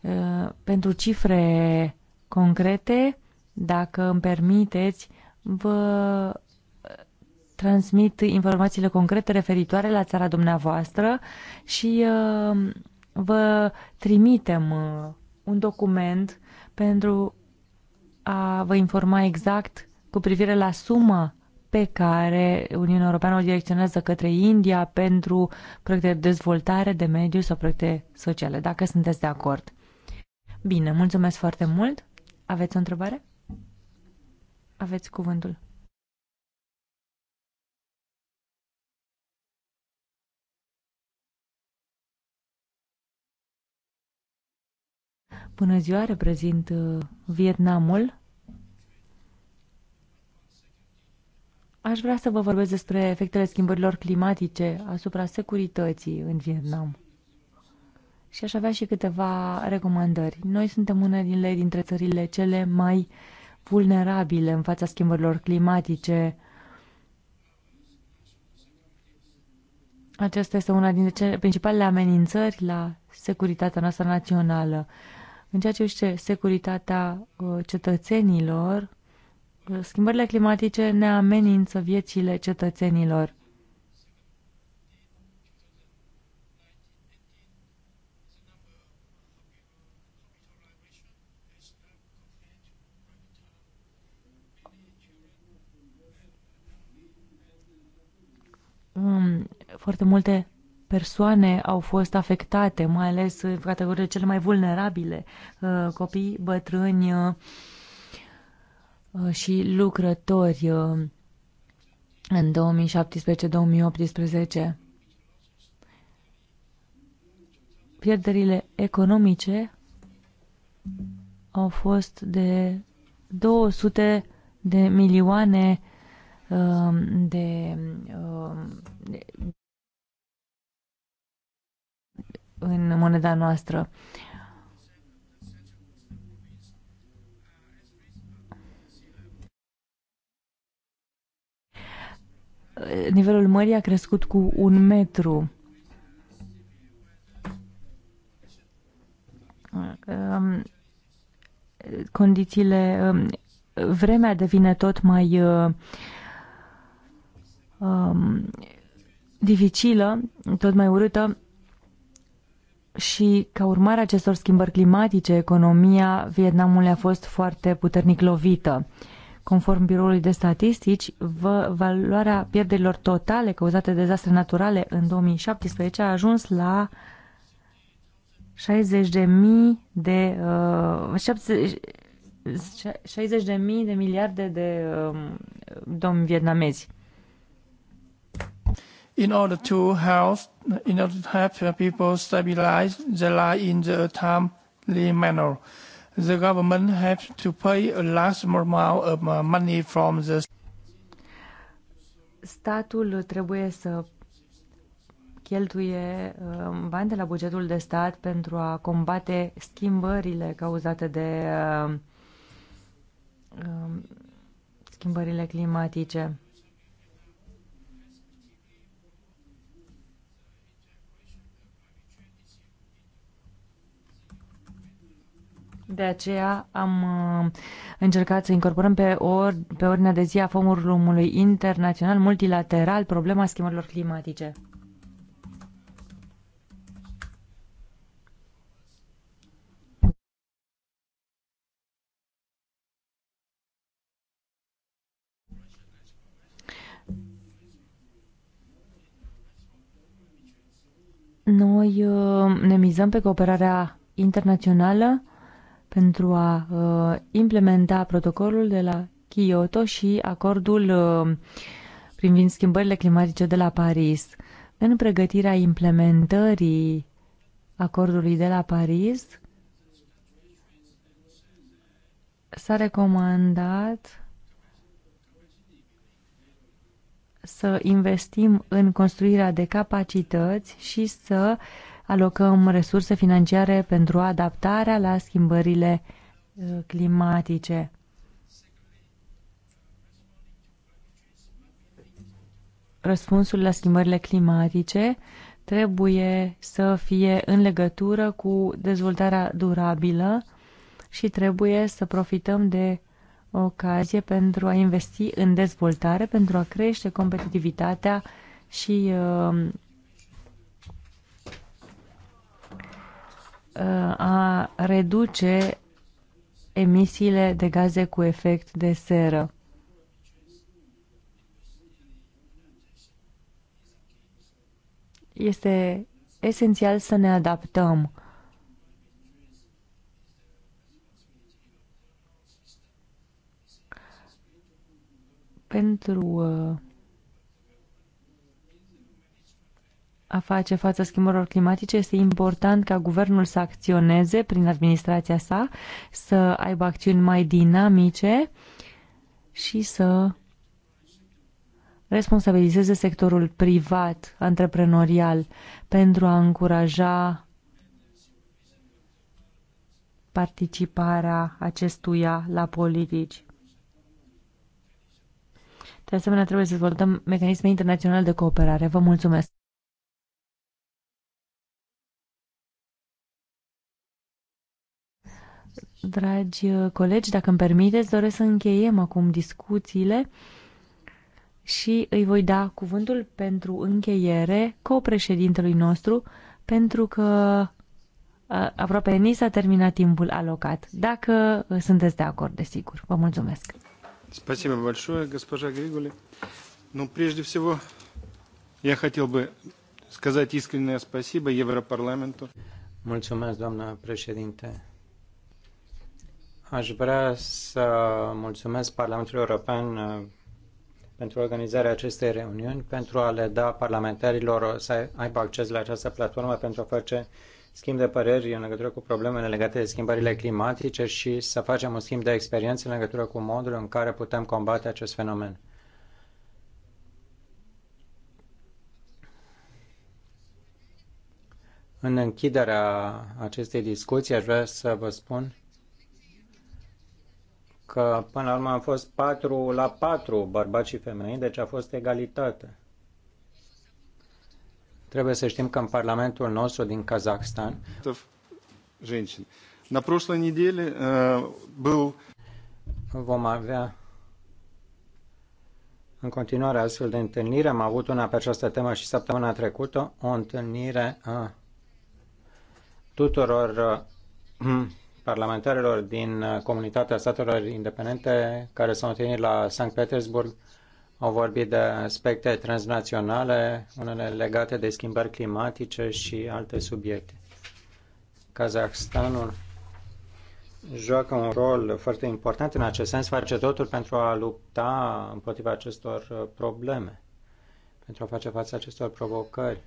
Uh, pentru cifre concrete, dacă îmi permiteți, vă transmit informațiile concrete referitoare la țara dumneavoastră și uh, vă trimitem un document pentru a vă informa exact cu privire la suma pe care Uniunea Europeană o direcționează către India pentru proiecte de dezvoltare, de mediu sau proiecte sociale, dacă sunteți de acord. Bine, mulțumesc foarte mult. Aveți o întrebare? Aveți cuvântul. Bună ziua, reprezint uh, Vietnamul. Aș vrea să vă vorbesc despre efectele schimbărilor climatice asupra securității în Vietnam. Și aș avea și câteva recomandări. Noi suntem unele dintre țările cele mai vulnerabile în fața schimbărilor climatice. Aceasta este una dintre principalele amenințări la securitatea noastră națională. În ceea ce este securitatea uh, cetățenilor, uh, schimbările climatice ne amenință viețile cetățenilor. Um, foarte multe persoane au fost afectate, mai ales în categoriile cele mai vulnerabile, uh, copii, bătrâni uh, uh, și lucrători în 2017-2018. Pierderile economice au fost de 200 de milioane de, de în moneda noastră. Nivelul mării a crescut cu un metru. Um, condițiile, um, vremea devine tot mai uh, um, dificilă, tot mai urâtă și ca urmare a acestor schimbări climatice, economia Vietnamului a fost foarte puternic lovită. Conform Biroului de Statistici, valoarea pierderilor totale cauzate de dezastre naturale în 2017 a ajuns la 60.000 de uh, 60 de de miliarde de uh, domni vietnamezi
in order to help in order to help people stabilize their life in the timely manner. The government has to pay a large amount of money from the Statul
trebuie să cheltuie um, bani de la bugetul de stat pentru a combate schimbările cauzate de um, um, schimbările climatice. De aceea am uh, încercat să incorporăm pe, or, pe ordinea de zi a Forumului Internațional Multilateral problema schimbărilor climatice. Noi uh, ne mizăm pe cooperarea internațională pentru a uh, implementa protocolul de la Kyoto și acordul uh, privind schimbările climatice de la Paris. În pregătirea implementării acordului de la Paris, s-a recomandat să investim în construirea de capacități și să uh, alocăm resurse financiare pentru adaptarea la schimbările uh, climatice. Răspunsul la schimbările climatice trebuie să fie în legătură cu dezvoltarea durabilă și trebuie să profităm de ocazie pentru a investi în dezvoltare, pentru a crește competitivitatea și uh, a reduce emisiile de gaze cu efect de seră. Este esențial să ne adaptăm. Pentru uh, a face față schimbărilor climatice, este important ca guvernul să acționeze prin administrația sa, să aibă acțiuni mai dinamice și să responsabilizeze sectorul privat, antreprenorial, pentru a încuraja participarea acestuia la politici. De asemenea, trebuie să dezvoltăm mecanisme internaționale de cooperare. Vă mulțumesc! Dragi uh, colegi, dacă îmi permiteți, doresc să încheiem acum discuțiile și îi voi da cuvântul pentru încheiere co-președintelui nostru, pentru că uh, aproape ni s-a terminat timpul alocat. Dacă uh, sunteți de acord, desigur. Vă
mulțumesc. Спасибо большое, госпожа Григоли. Ну, прежде всего, я хотел бы сказать искреннее спасибо Европарламенту. Mulțumesc, doamnă președinte. Aș vrea să mulțumesc Parlamentului European uh, pentru organizarea acestei reuniuni, pentru a le da parlamentarilor să aibă acces la această platformă pentru a face schimb de păreri în legătură cu problemele legate de schimbările climatice și să facem un schimb de experiențe în legătură cu modul în care putem combate acest fenomen. În închiderea acestei discuții aș vrea să vă spun că până la urmă am fost 4 la 4 bărbați și femei, deci a fost egalitate. Trebuie să știm că în Parlamentul nostru din Kazakhstan На прошлой неделе э, был Vom avea în continuare astfel de întâlnire. Am avut una pe această temă și săptămâna trecută, o întâlnire a tuturor uh, parlamentarilor din uh, comunitatea statelor independente care s-au întâlnit la Sankt Petersburg au vorbit de aspecte transnaționale, unele legate de schimbări climatice și alte subiecte. Kazahstanul joacă un rol foarte important în acest sens, face totul pentru a lupta împotriva acestor uh, probleme, pentru a face față acestor provocări.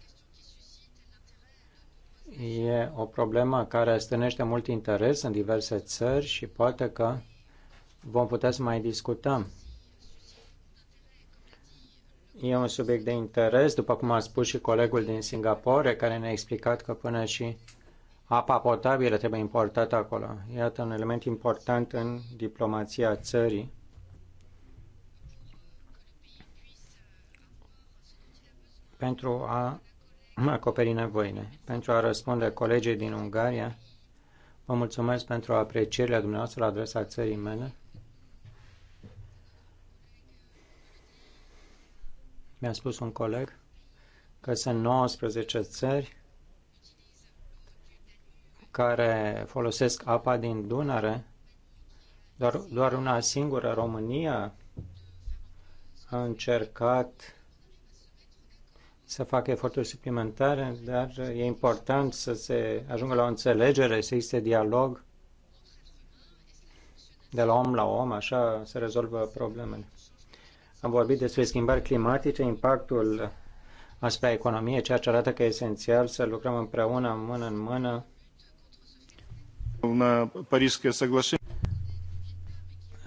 E o problemă care stânește mult interes în diverse țări și poate că vom putea să mai discutăm. E un subiect de interes, după cum a spus și colegul din Singapore, care ne-a explicat că până și apa potabilă trebuie importată acolo. Iată un element important în diplomația țării. pentru a acoperi nevoile. Pentru a răspunde colegii din Ungaria, vă mulțumesc pentru aprecierile dumneavoastră la adresa țării mele. Mi-a spus un coleg că sunt 19 țări care folosesc apa din Dunăre, doar, doar una singură, România, a încercat să facă eforturi suplimentare, dar e important să se ajungă la o înțelegere, să existe dialog de la om la om, așa se rezolvă problemele. Am vorbit despre schimbări climatice, impactul asupra economiei, ceea ce arată că e esențial să lucrăm împreună, mână în mână.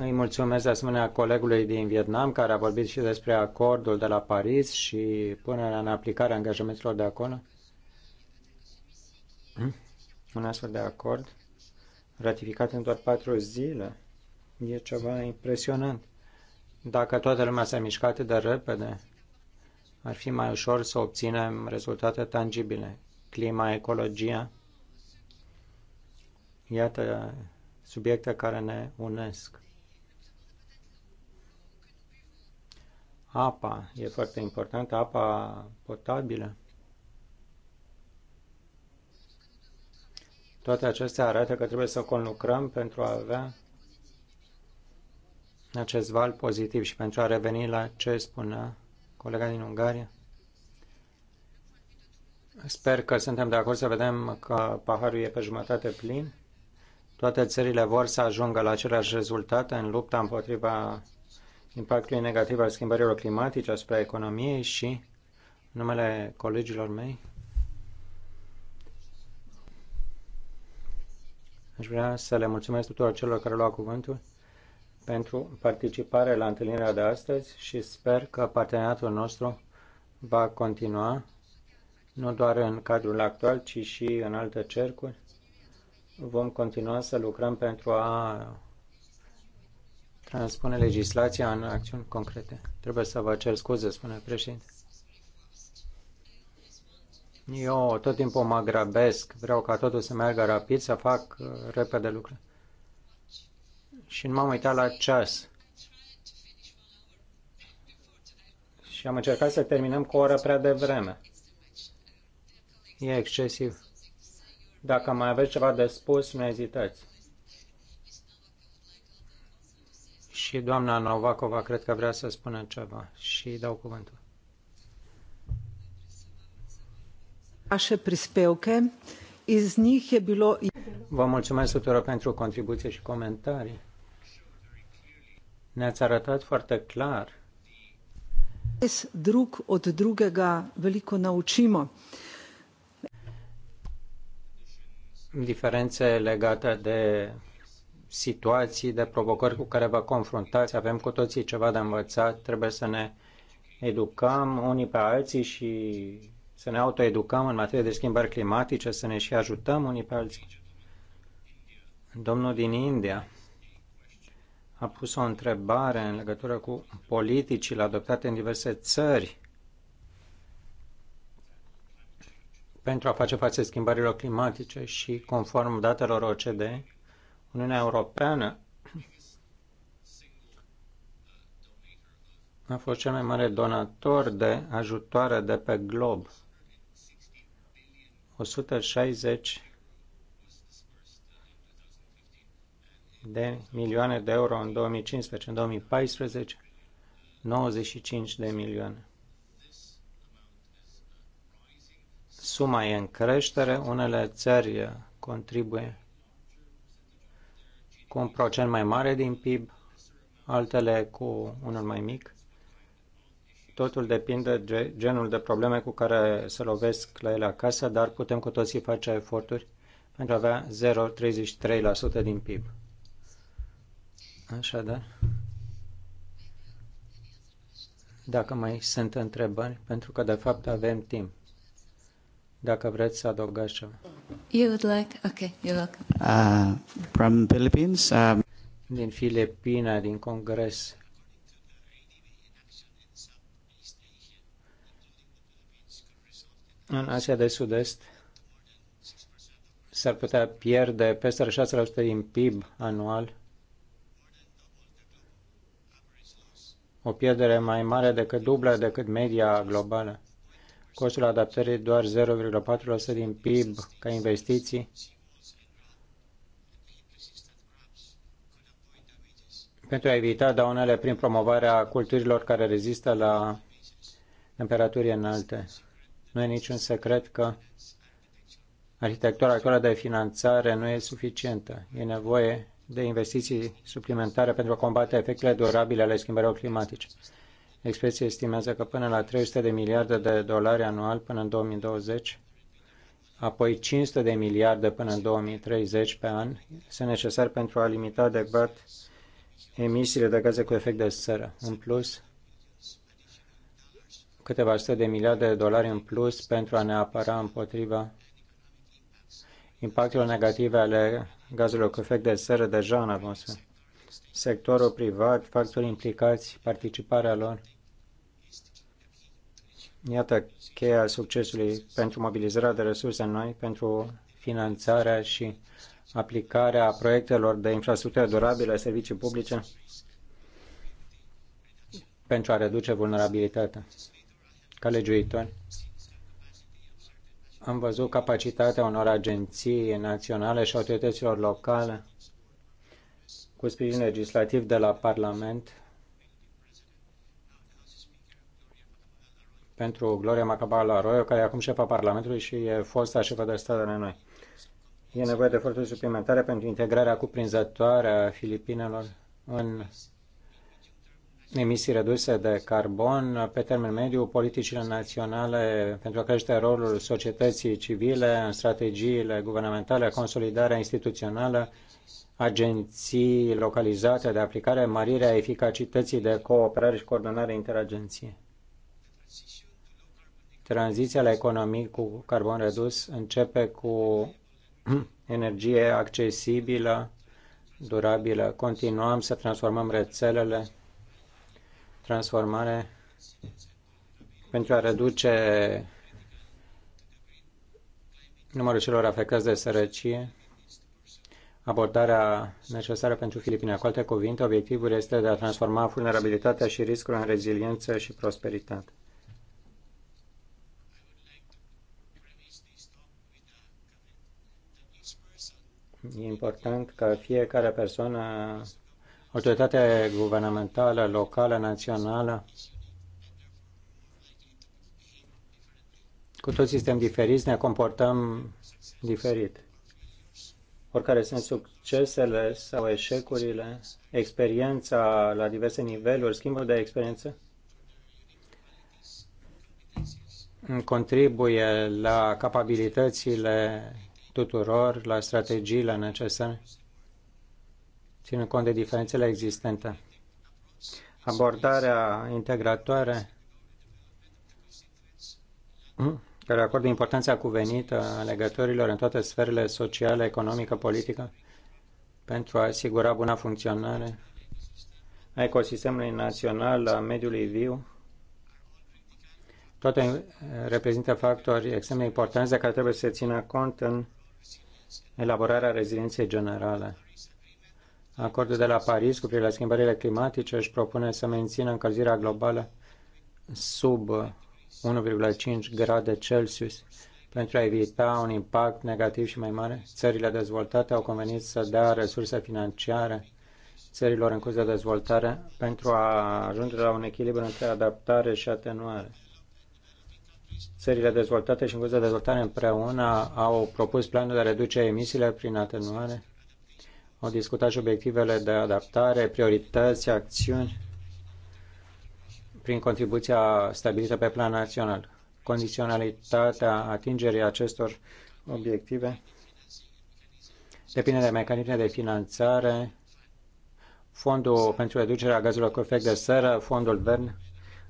Îi mulțumesc de asemenea colegului din Vietnam care a vorbit și despre acordul de la Paris și punerea în aplicare a angajamentelor de acolo. Un astfel de acord ratificat în doar patru zile e ceva impresionant. Dacă toată lumea s-a mișcat de repede, ar fi mai ușor să obținem rezultate tangibile. Clima, ecologia, iată subiecte care ne unesc. Apa e foarte importantă, apa potabilă. Toate acestea arată că trebuie să conlucrăm pentru a avea acest val pozitiv și pentru a reveni la ce spunea colega din Ungaria. Sper că suntem de acord să vedem că paharul e pe jumătate plin. Toate țările vor să ajungă la aceleași rezultate în lupta împotriva impactului negativ al schimbărilor climatice asupra economiei și numele colegilor mei. Aș vrea să le mulțumesc tuturor celor care luau cuvântul pentru participare la întâlnirea de astăzi și sper că parteneriatul nostru va continua nu doar în cadrul actual, ci și în alte cercuri. Vom continua să lucrăm pentru a transpune legislația în acțiuni concrete. Trebuie să vă cer scuze, spune președinte. Eu tot timpul mă grăbesc, vreau ca totul să meargă rapid, să fac uh, repede lucruri. Și nu m-am uitat la ceas. Și am încercat să terminăm cu o oră prea devreme. E excesiv. Dacă mai aveți ceva de spus, nu ezitați. Și doamna Novakova cred că vrea să spună ceva și dau cuvântul.
Așa prispevke, iz njih
bilo... Vă mulțumesc tuturor pentru contribuție și comentarii. Ne-ați arătat foarte clar res drug od drugega
veliko naučimo.
Diferențe legate de situații, de provocări cu care vă confruntați. Avem cu toții ceva de învățat, trebuie să ne educăm unii pe alții și să ne autoeducăm în materie de schimbări climatice, să ne și ajutăm unii pe alții. Domnul din India a pus o întrebare în legătură cu politicile adoptate în diverse țări pentru a face față schimbărilor climatice și conform datelor OCDE, Uniunea Europeană a fost cel mai mare donator de ajutoare de pe glob. 160 de milioane de euro în 2015, în 2014 95 de milioane. Suma e în creștere, unele țări contribuie cu un procent mai mare din PIB, altele cu unul mai mic. Totul depinde de genul de probleme cu care se lovesc la ele acasă, dar putem cu toții face eforturi pentru a avea 0,33% din PIB. Așadar, dacă mai sunt întrebări, pentru că de fapt avem timp dacă vreți să adăugați ceva. You would like? Okay, you're welcome. Uh, from Philippines. Um... Din Filipina, din Congres. În Asia de Sud-Est s-ar putea pierde peste 6% din PIB anual. O pierdere mai mare decât dublă decât media globală Costul adaptării doar 0,4% din PIB ca investiții pentru a evita daunele prin promovarea culturilor care rezistă la temperaturi înalte. Nu e niciun secret că arhitectura actuală de finanțare nu e suficientă. E nevoie de investiții suplimentare pentru a combate efectele durabile ale schimbărilor climatice. Experții estimează că până la 300 de miliarde de dolari anual până în 2020, apoi 500 de miliarde până în 2030 pe an, sunt necesari pentru a limita adecvat emisiile de gaze cu efect de seră. În plus, câteva sute de miliarde de dolari în plus pentru a ne apăra împotriva impactelor negative ale gazelor cu efect de seră deja în atmosferă. Sectorul privat, factorii implicați, participarea lor Iată cheia succesului pentru mobilizarea de resurse noi, pentru finanțarea și aplicarea proiectelor de infrastructură durabilă, servicii publice, pentru a reduce vulnerabilitatea. Ca legiuitor, am văzut capacitatea unor agenții naționale și autorităților locale cu sprijin legislativ de la Parlament pentru Gloria Macabala Royo, care e acum șefa Parlamentului și e fosta șefă de stat de noi. E nevoie de eforturi suplimentare pentru integrarea cuprinzătoare a Filipinelor în emisii reduse de carbon. Pe termen mediu, politicile naționale pentru a crește rolul societății civile în strategiile guvernamentale, consolidarea instituțională, agenții localizate de aplicare, mărirea eficacității de cooperare și coordonare interagenției. Tranziția la economii cu carbon redus începe cu energie accesibilă, durabilă. Continuăm să transformăm rețelele, transformare pentru a reduce numărul celor afectați de sărăcie, abordarea necesară pentru Filipine. Cu alte cuvinte, obiectivul este de a transforma vulnerabilitatea și riscul în reziliență și prosperitate. E important ca fiecare persoană, autoritatea guvernamentală, locală, națională, cu toți suntem diferiți, ne comportăm diferit. Oricare sunt succesele sau eșecurile, experiența la diverse niveluri, schimbul de experiență, contribuie la capabilitățile tuturor la strategiile necesare, ținând cont de diferențele existente. Abordarea integratoare care acordă importanța cuvenită legătorilor în toate sferele sociale, economică, politică, pentru a asigura buna funcționare a ecosistemului național, a mediului viu. Toate reprezintă factori extrem de importanți de care trebuie să se țină cont în elaborarea rezidenței generale. Acordul de la Paris cu privire la schimbările climatice își propune să mențină încălzirea globală sub 1,5 grade Celsius. Pentru a evita un impact negativ și mai mare, țările dezvoltate au convenit să dea resurse financiare țărilor în curs de dezvoltare pentru a ajunge la un echilibru între adaptare și atenuare. Țările dezvoltate și în curs de dezvoltare împreună au propus planul de a reduce emisiile prin atenuare, au discutat și obiectivele de adaptare, priorități, acțiuni prin contribuția stabilită pe plan național. Condiționalitatea atingerii acestor obiective depinde de mecanisme de finanțare, Fondul pentru reducerea gazelor cu efect de seră, Fondul verde.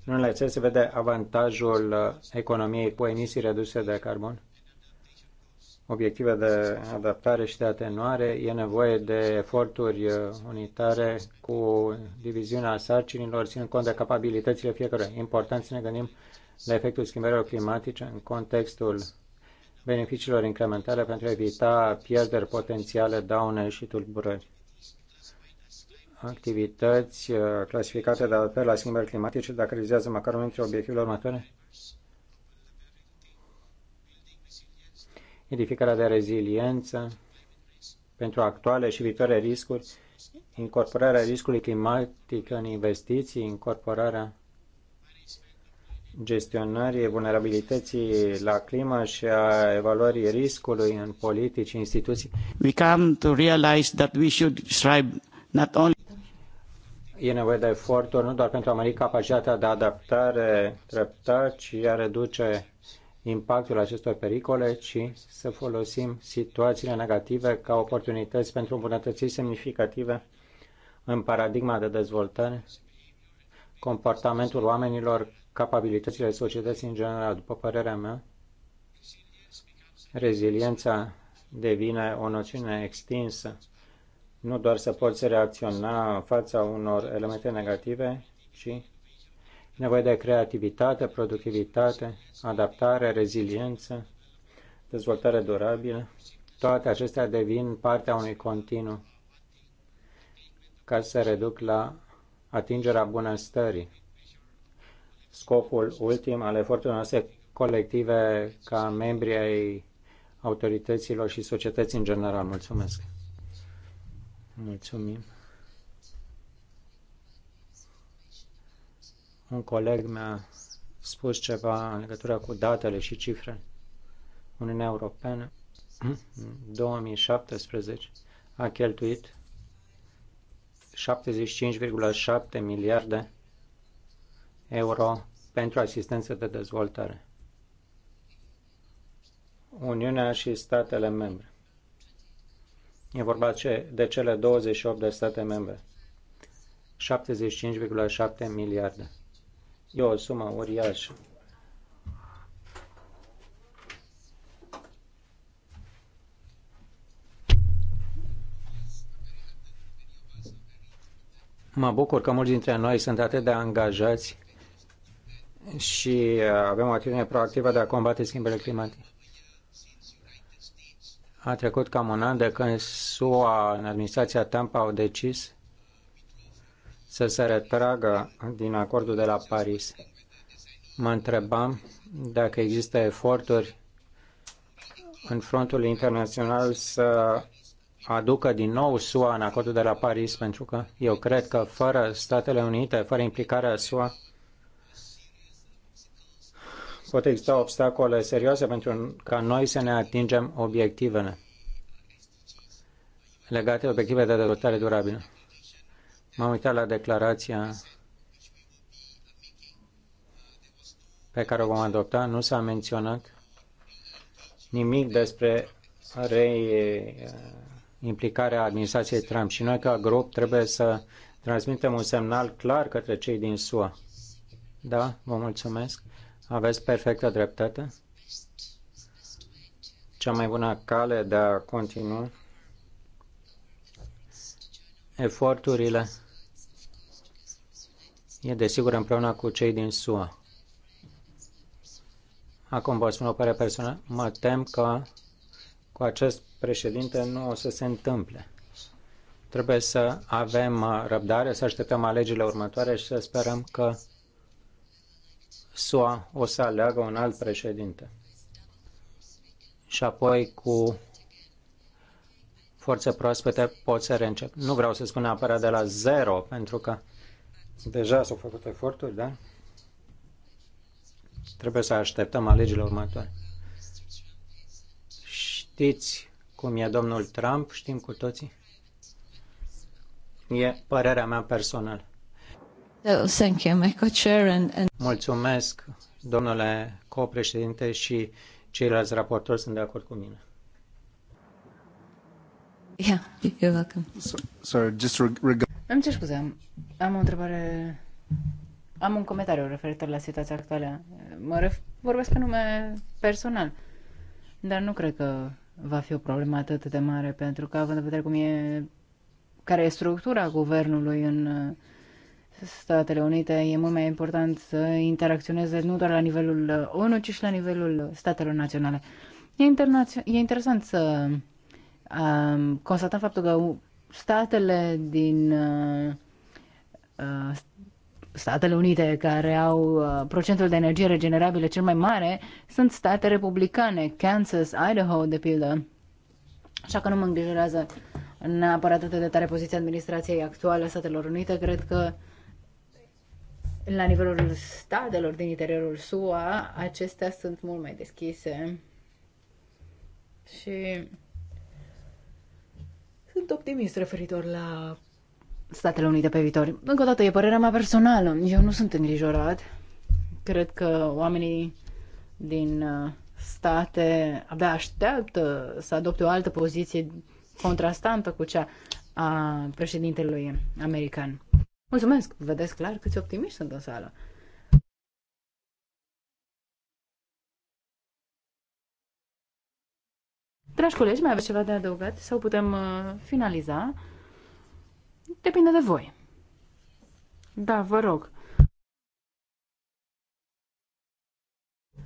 În unele țări se vede avantajul uh, economiei cu emisii reduse de carbon. Obiective de adaptare și de atenuare, e nevoie de eforturi uh, unitare cu diviziunea sarcinilor, ținând cont de capabilitățile fiecare. Important să ne gândim la efectul schimbărilor climatice în contextul beneficiilor incrementale pentru a evita pierderi potențiale, daune și tulburări activități uh, clasificate de apel la schimbări climatice dacă realizează măcar unul dintre obiectivele următoare? Edificarea de reziliență pentru actuale și viitoare riscuri, incorporarea riscului climatic în investiții, incorporarea gestionării vulnerabilității la climă și a evaluării riscului în politici și instituții. We come to realize that we should strive not only e nevoie de eforturi nu doar pentru a mări capacitatea de adaptare treptat, ci a reduce impactul acestor pericole, ci să folosim situațiile negative ca oportunități pentru îmbunătățiri semnificative în paradigma de dezvoltare, comportamentul oamenilor, capabilitățile societății în general. După părerea mea, reziliența devine o noțiune extinsă nu doar să poți reacționa în fața unor elemente negative, ci nevoie de creativitate, productivitate, adaptare, reziliență, dezvoltare durabilă. Toate acestea devin partea unui continuu care se reduc la atingerea bunăstării. Scopul ultim al eforturilor noastre colective ca membri ai autorităților și societății în general. Mulțumesc! Mulțumim. Un coleg mi-a spus ceva în legătură cu datele și cifre. Uniunea Europeană 2017 a cheltuit 75,7 miliarde euro pentru asistență de dezvoltare. Uniunea și statele membre. E vorba de cele 28 de state membre. 75,7 miliarde. E o sumă uriașă. Mă bucur că mulți dintre noi sunt atât de angajați și uh, avem o atitudine proactivă de a combate schimbările climatice. A trecut cam un an de când SUA în administrația Tampa au decis să se retragă din acordul de la Paris. Mă întrebam dacă există eforturi în frontul internațional să aducă din nou SUA în acordul de la Paris, pentru că eu cred că fără Statele Unite, fără implicarea SUA, pot exista obstacole serioase pentru ca noi să ne atingem obiectivele legate de obiective de dezvoltare durabilă. M-am uitat la declarația pe care o vom adopta. Nu s-a menționat nimic despre reimplicarea administrației Trump și noi ca grup trebuie să transmitem un semnal clar către cei din SUA. Da, vă mulțumesc. Aveți perfectă dreptate. Cea mai bună cale de a continua eforturile e desigur împreună cu cei din SUA. Acum vă spun o părere personală. Mă tem că cu acest președinte nu o să se întâmple. Trebuie să avem uh, răbdare, să așteptăm alegerile următoare și să sperăm că SUA o să aleagă un alt președinte. Și apoi cu forțe proaspete pot să reîncep. Nu vreau să spun neapărat de la zero, pentru că deja s-au făcut eforturi, da? Trebuie să așteptăm alegerile următoare. Știți cum e domnul Trump, știm cu toții? E părerea mea personală. Uh, thank you, my co-chair and, and... Mulțumesc, domnule copreședinte și ceilalți raportori sunt de acord cu mine.
Yeah, you're welcome. So,
sorry, just reg-
Am cer scuze, am, am o întrebare, am un comentariu referitor la situația actuală. Mă ref, vorbesc pe nume personal, dar nu cred că va fi o problemă atât de mare, pentru că având în vedere cum e, care e structura guvernului în Statele Unite e mult mai important să interacționeze nu doar la nivelul ONU, ci și la nivelul statelor naționale. E, e interesant să um, constatăm faptul că statele din uh, uh Statele Unite, care au uh, procentul de energie regenerabilă cel mai mare, sunt state republicane, Kansas, Idaho, de pildă. Așa că nu mă îngrijorează neapărat atât de tare poziția administrației actuale a Statelor Unite. Cred că uh, la nivelul statelor din interiorul SUA, acestea sunt mult mai deschise și sunt optimist referitor la Statele Unite pe viitor. Încă o dată, e părerea mea personală. Eu nu sunt îngrijorat. Cred că oamenii din uh, state abia așteaptă să adopte o altă poziție contrastantă cu cea a președintelui american. Mulțumesc! Vedeți clar câți optimiști sunt în sală. Dragi colegi, mai aveți ceva de adăugat sau putem uh, finaliza? Depinde de voi. Da, vă rog.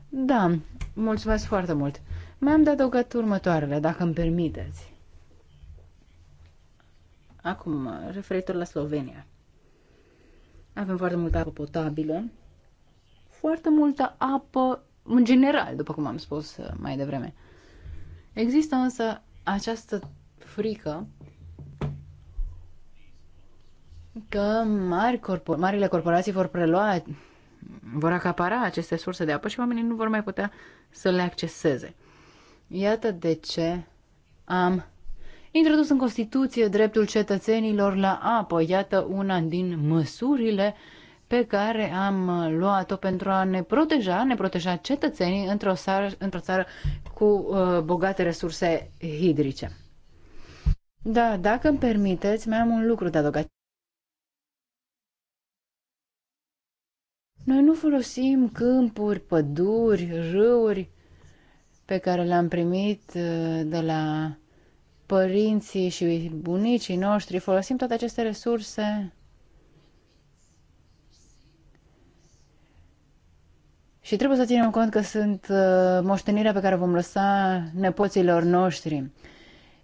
Da, mulțumesc foarte mult. Mai am de adăugat următoarele, dacă îmi permiteți. Acum, referitor la Slovenia. Avem foarte multă apă potabilă, foarte multă apă în general, după cum am spus uh, mai devreme. Există însă această frică că mari corpor- marile corporații vor prelua, vor acapara aceste surse de apă și oamenii nu vor mai putea să le acceseze. Iată de ce am introdus în Constituție dreptul cetățenilor la apă. Iată una din măsurile pe care am luat-o pentru a ne proteja, ne proteja cetățenii într-o țară, într-o țară cu uh, bogate resurse hidrice. Da, dacă îmi permiteți, mai am un lucru de adăugat. Noi nu folosim câmpuri, păduri, râuri pe care le-am primit uh, de la părinții și bunicii noștri, folosim toate aceste resurse Și trebuie să ținem cont că sunt uh, moștenirea pe care vom lăsa nepoților noștri.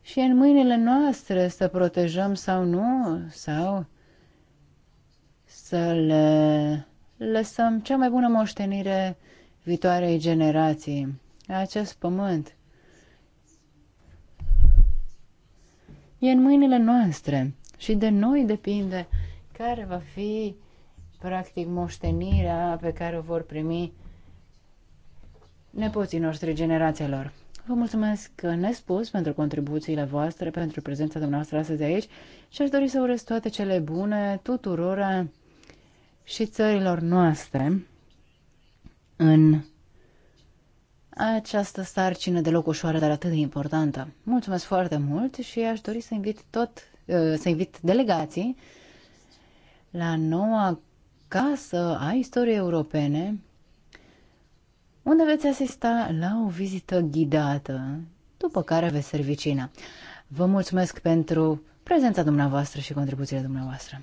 Și în mâinile noastre să protejăm sau nu, sau să le lăsăm cea mai bună moștenire viitoarei generații, acest pământ. e în mâinile noastre și de noi depinde care va fi, practic, moștenirea pe care o vor primi nepoții noștri generațiilor. Vă mulțumesc nespus pentru contribuțiile voastre, pentru prezența dumneavoastră astăzi aici și aș dori să urez toate cele bune tuturora și țărilor noastre în această sarcină deloc ușoară, dar atât de importantă. Mulțumesc foarte mult și aș dori să invit tot, uh, să invit delegații la noua casă a istoriei europene, unde veți asista la o vizită ghidată, după care veți servi cina. Vă mulțumesc pentru prezența dumneavoastră și contribuțiile dumneavoastră.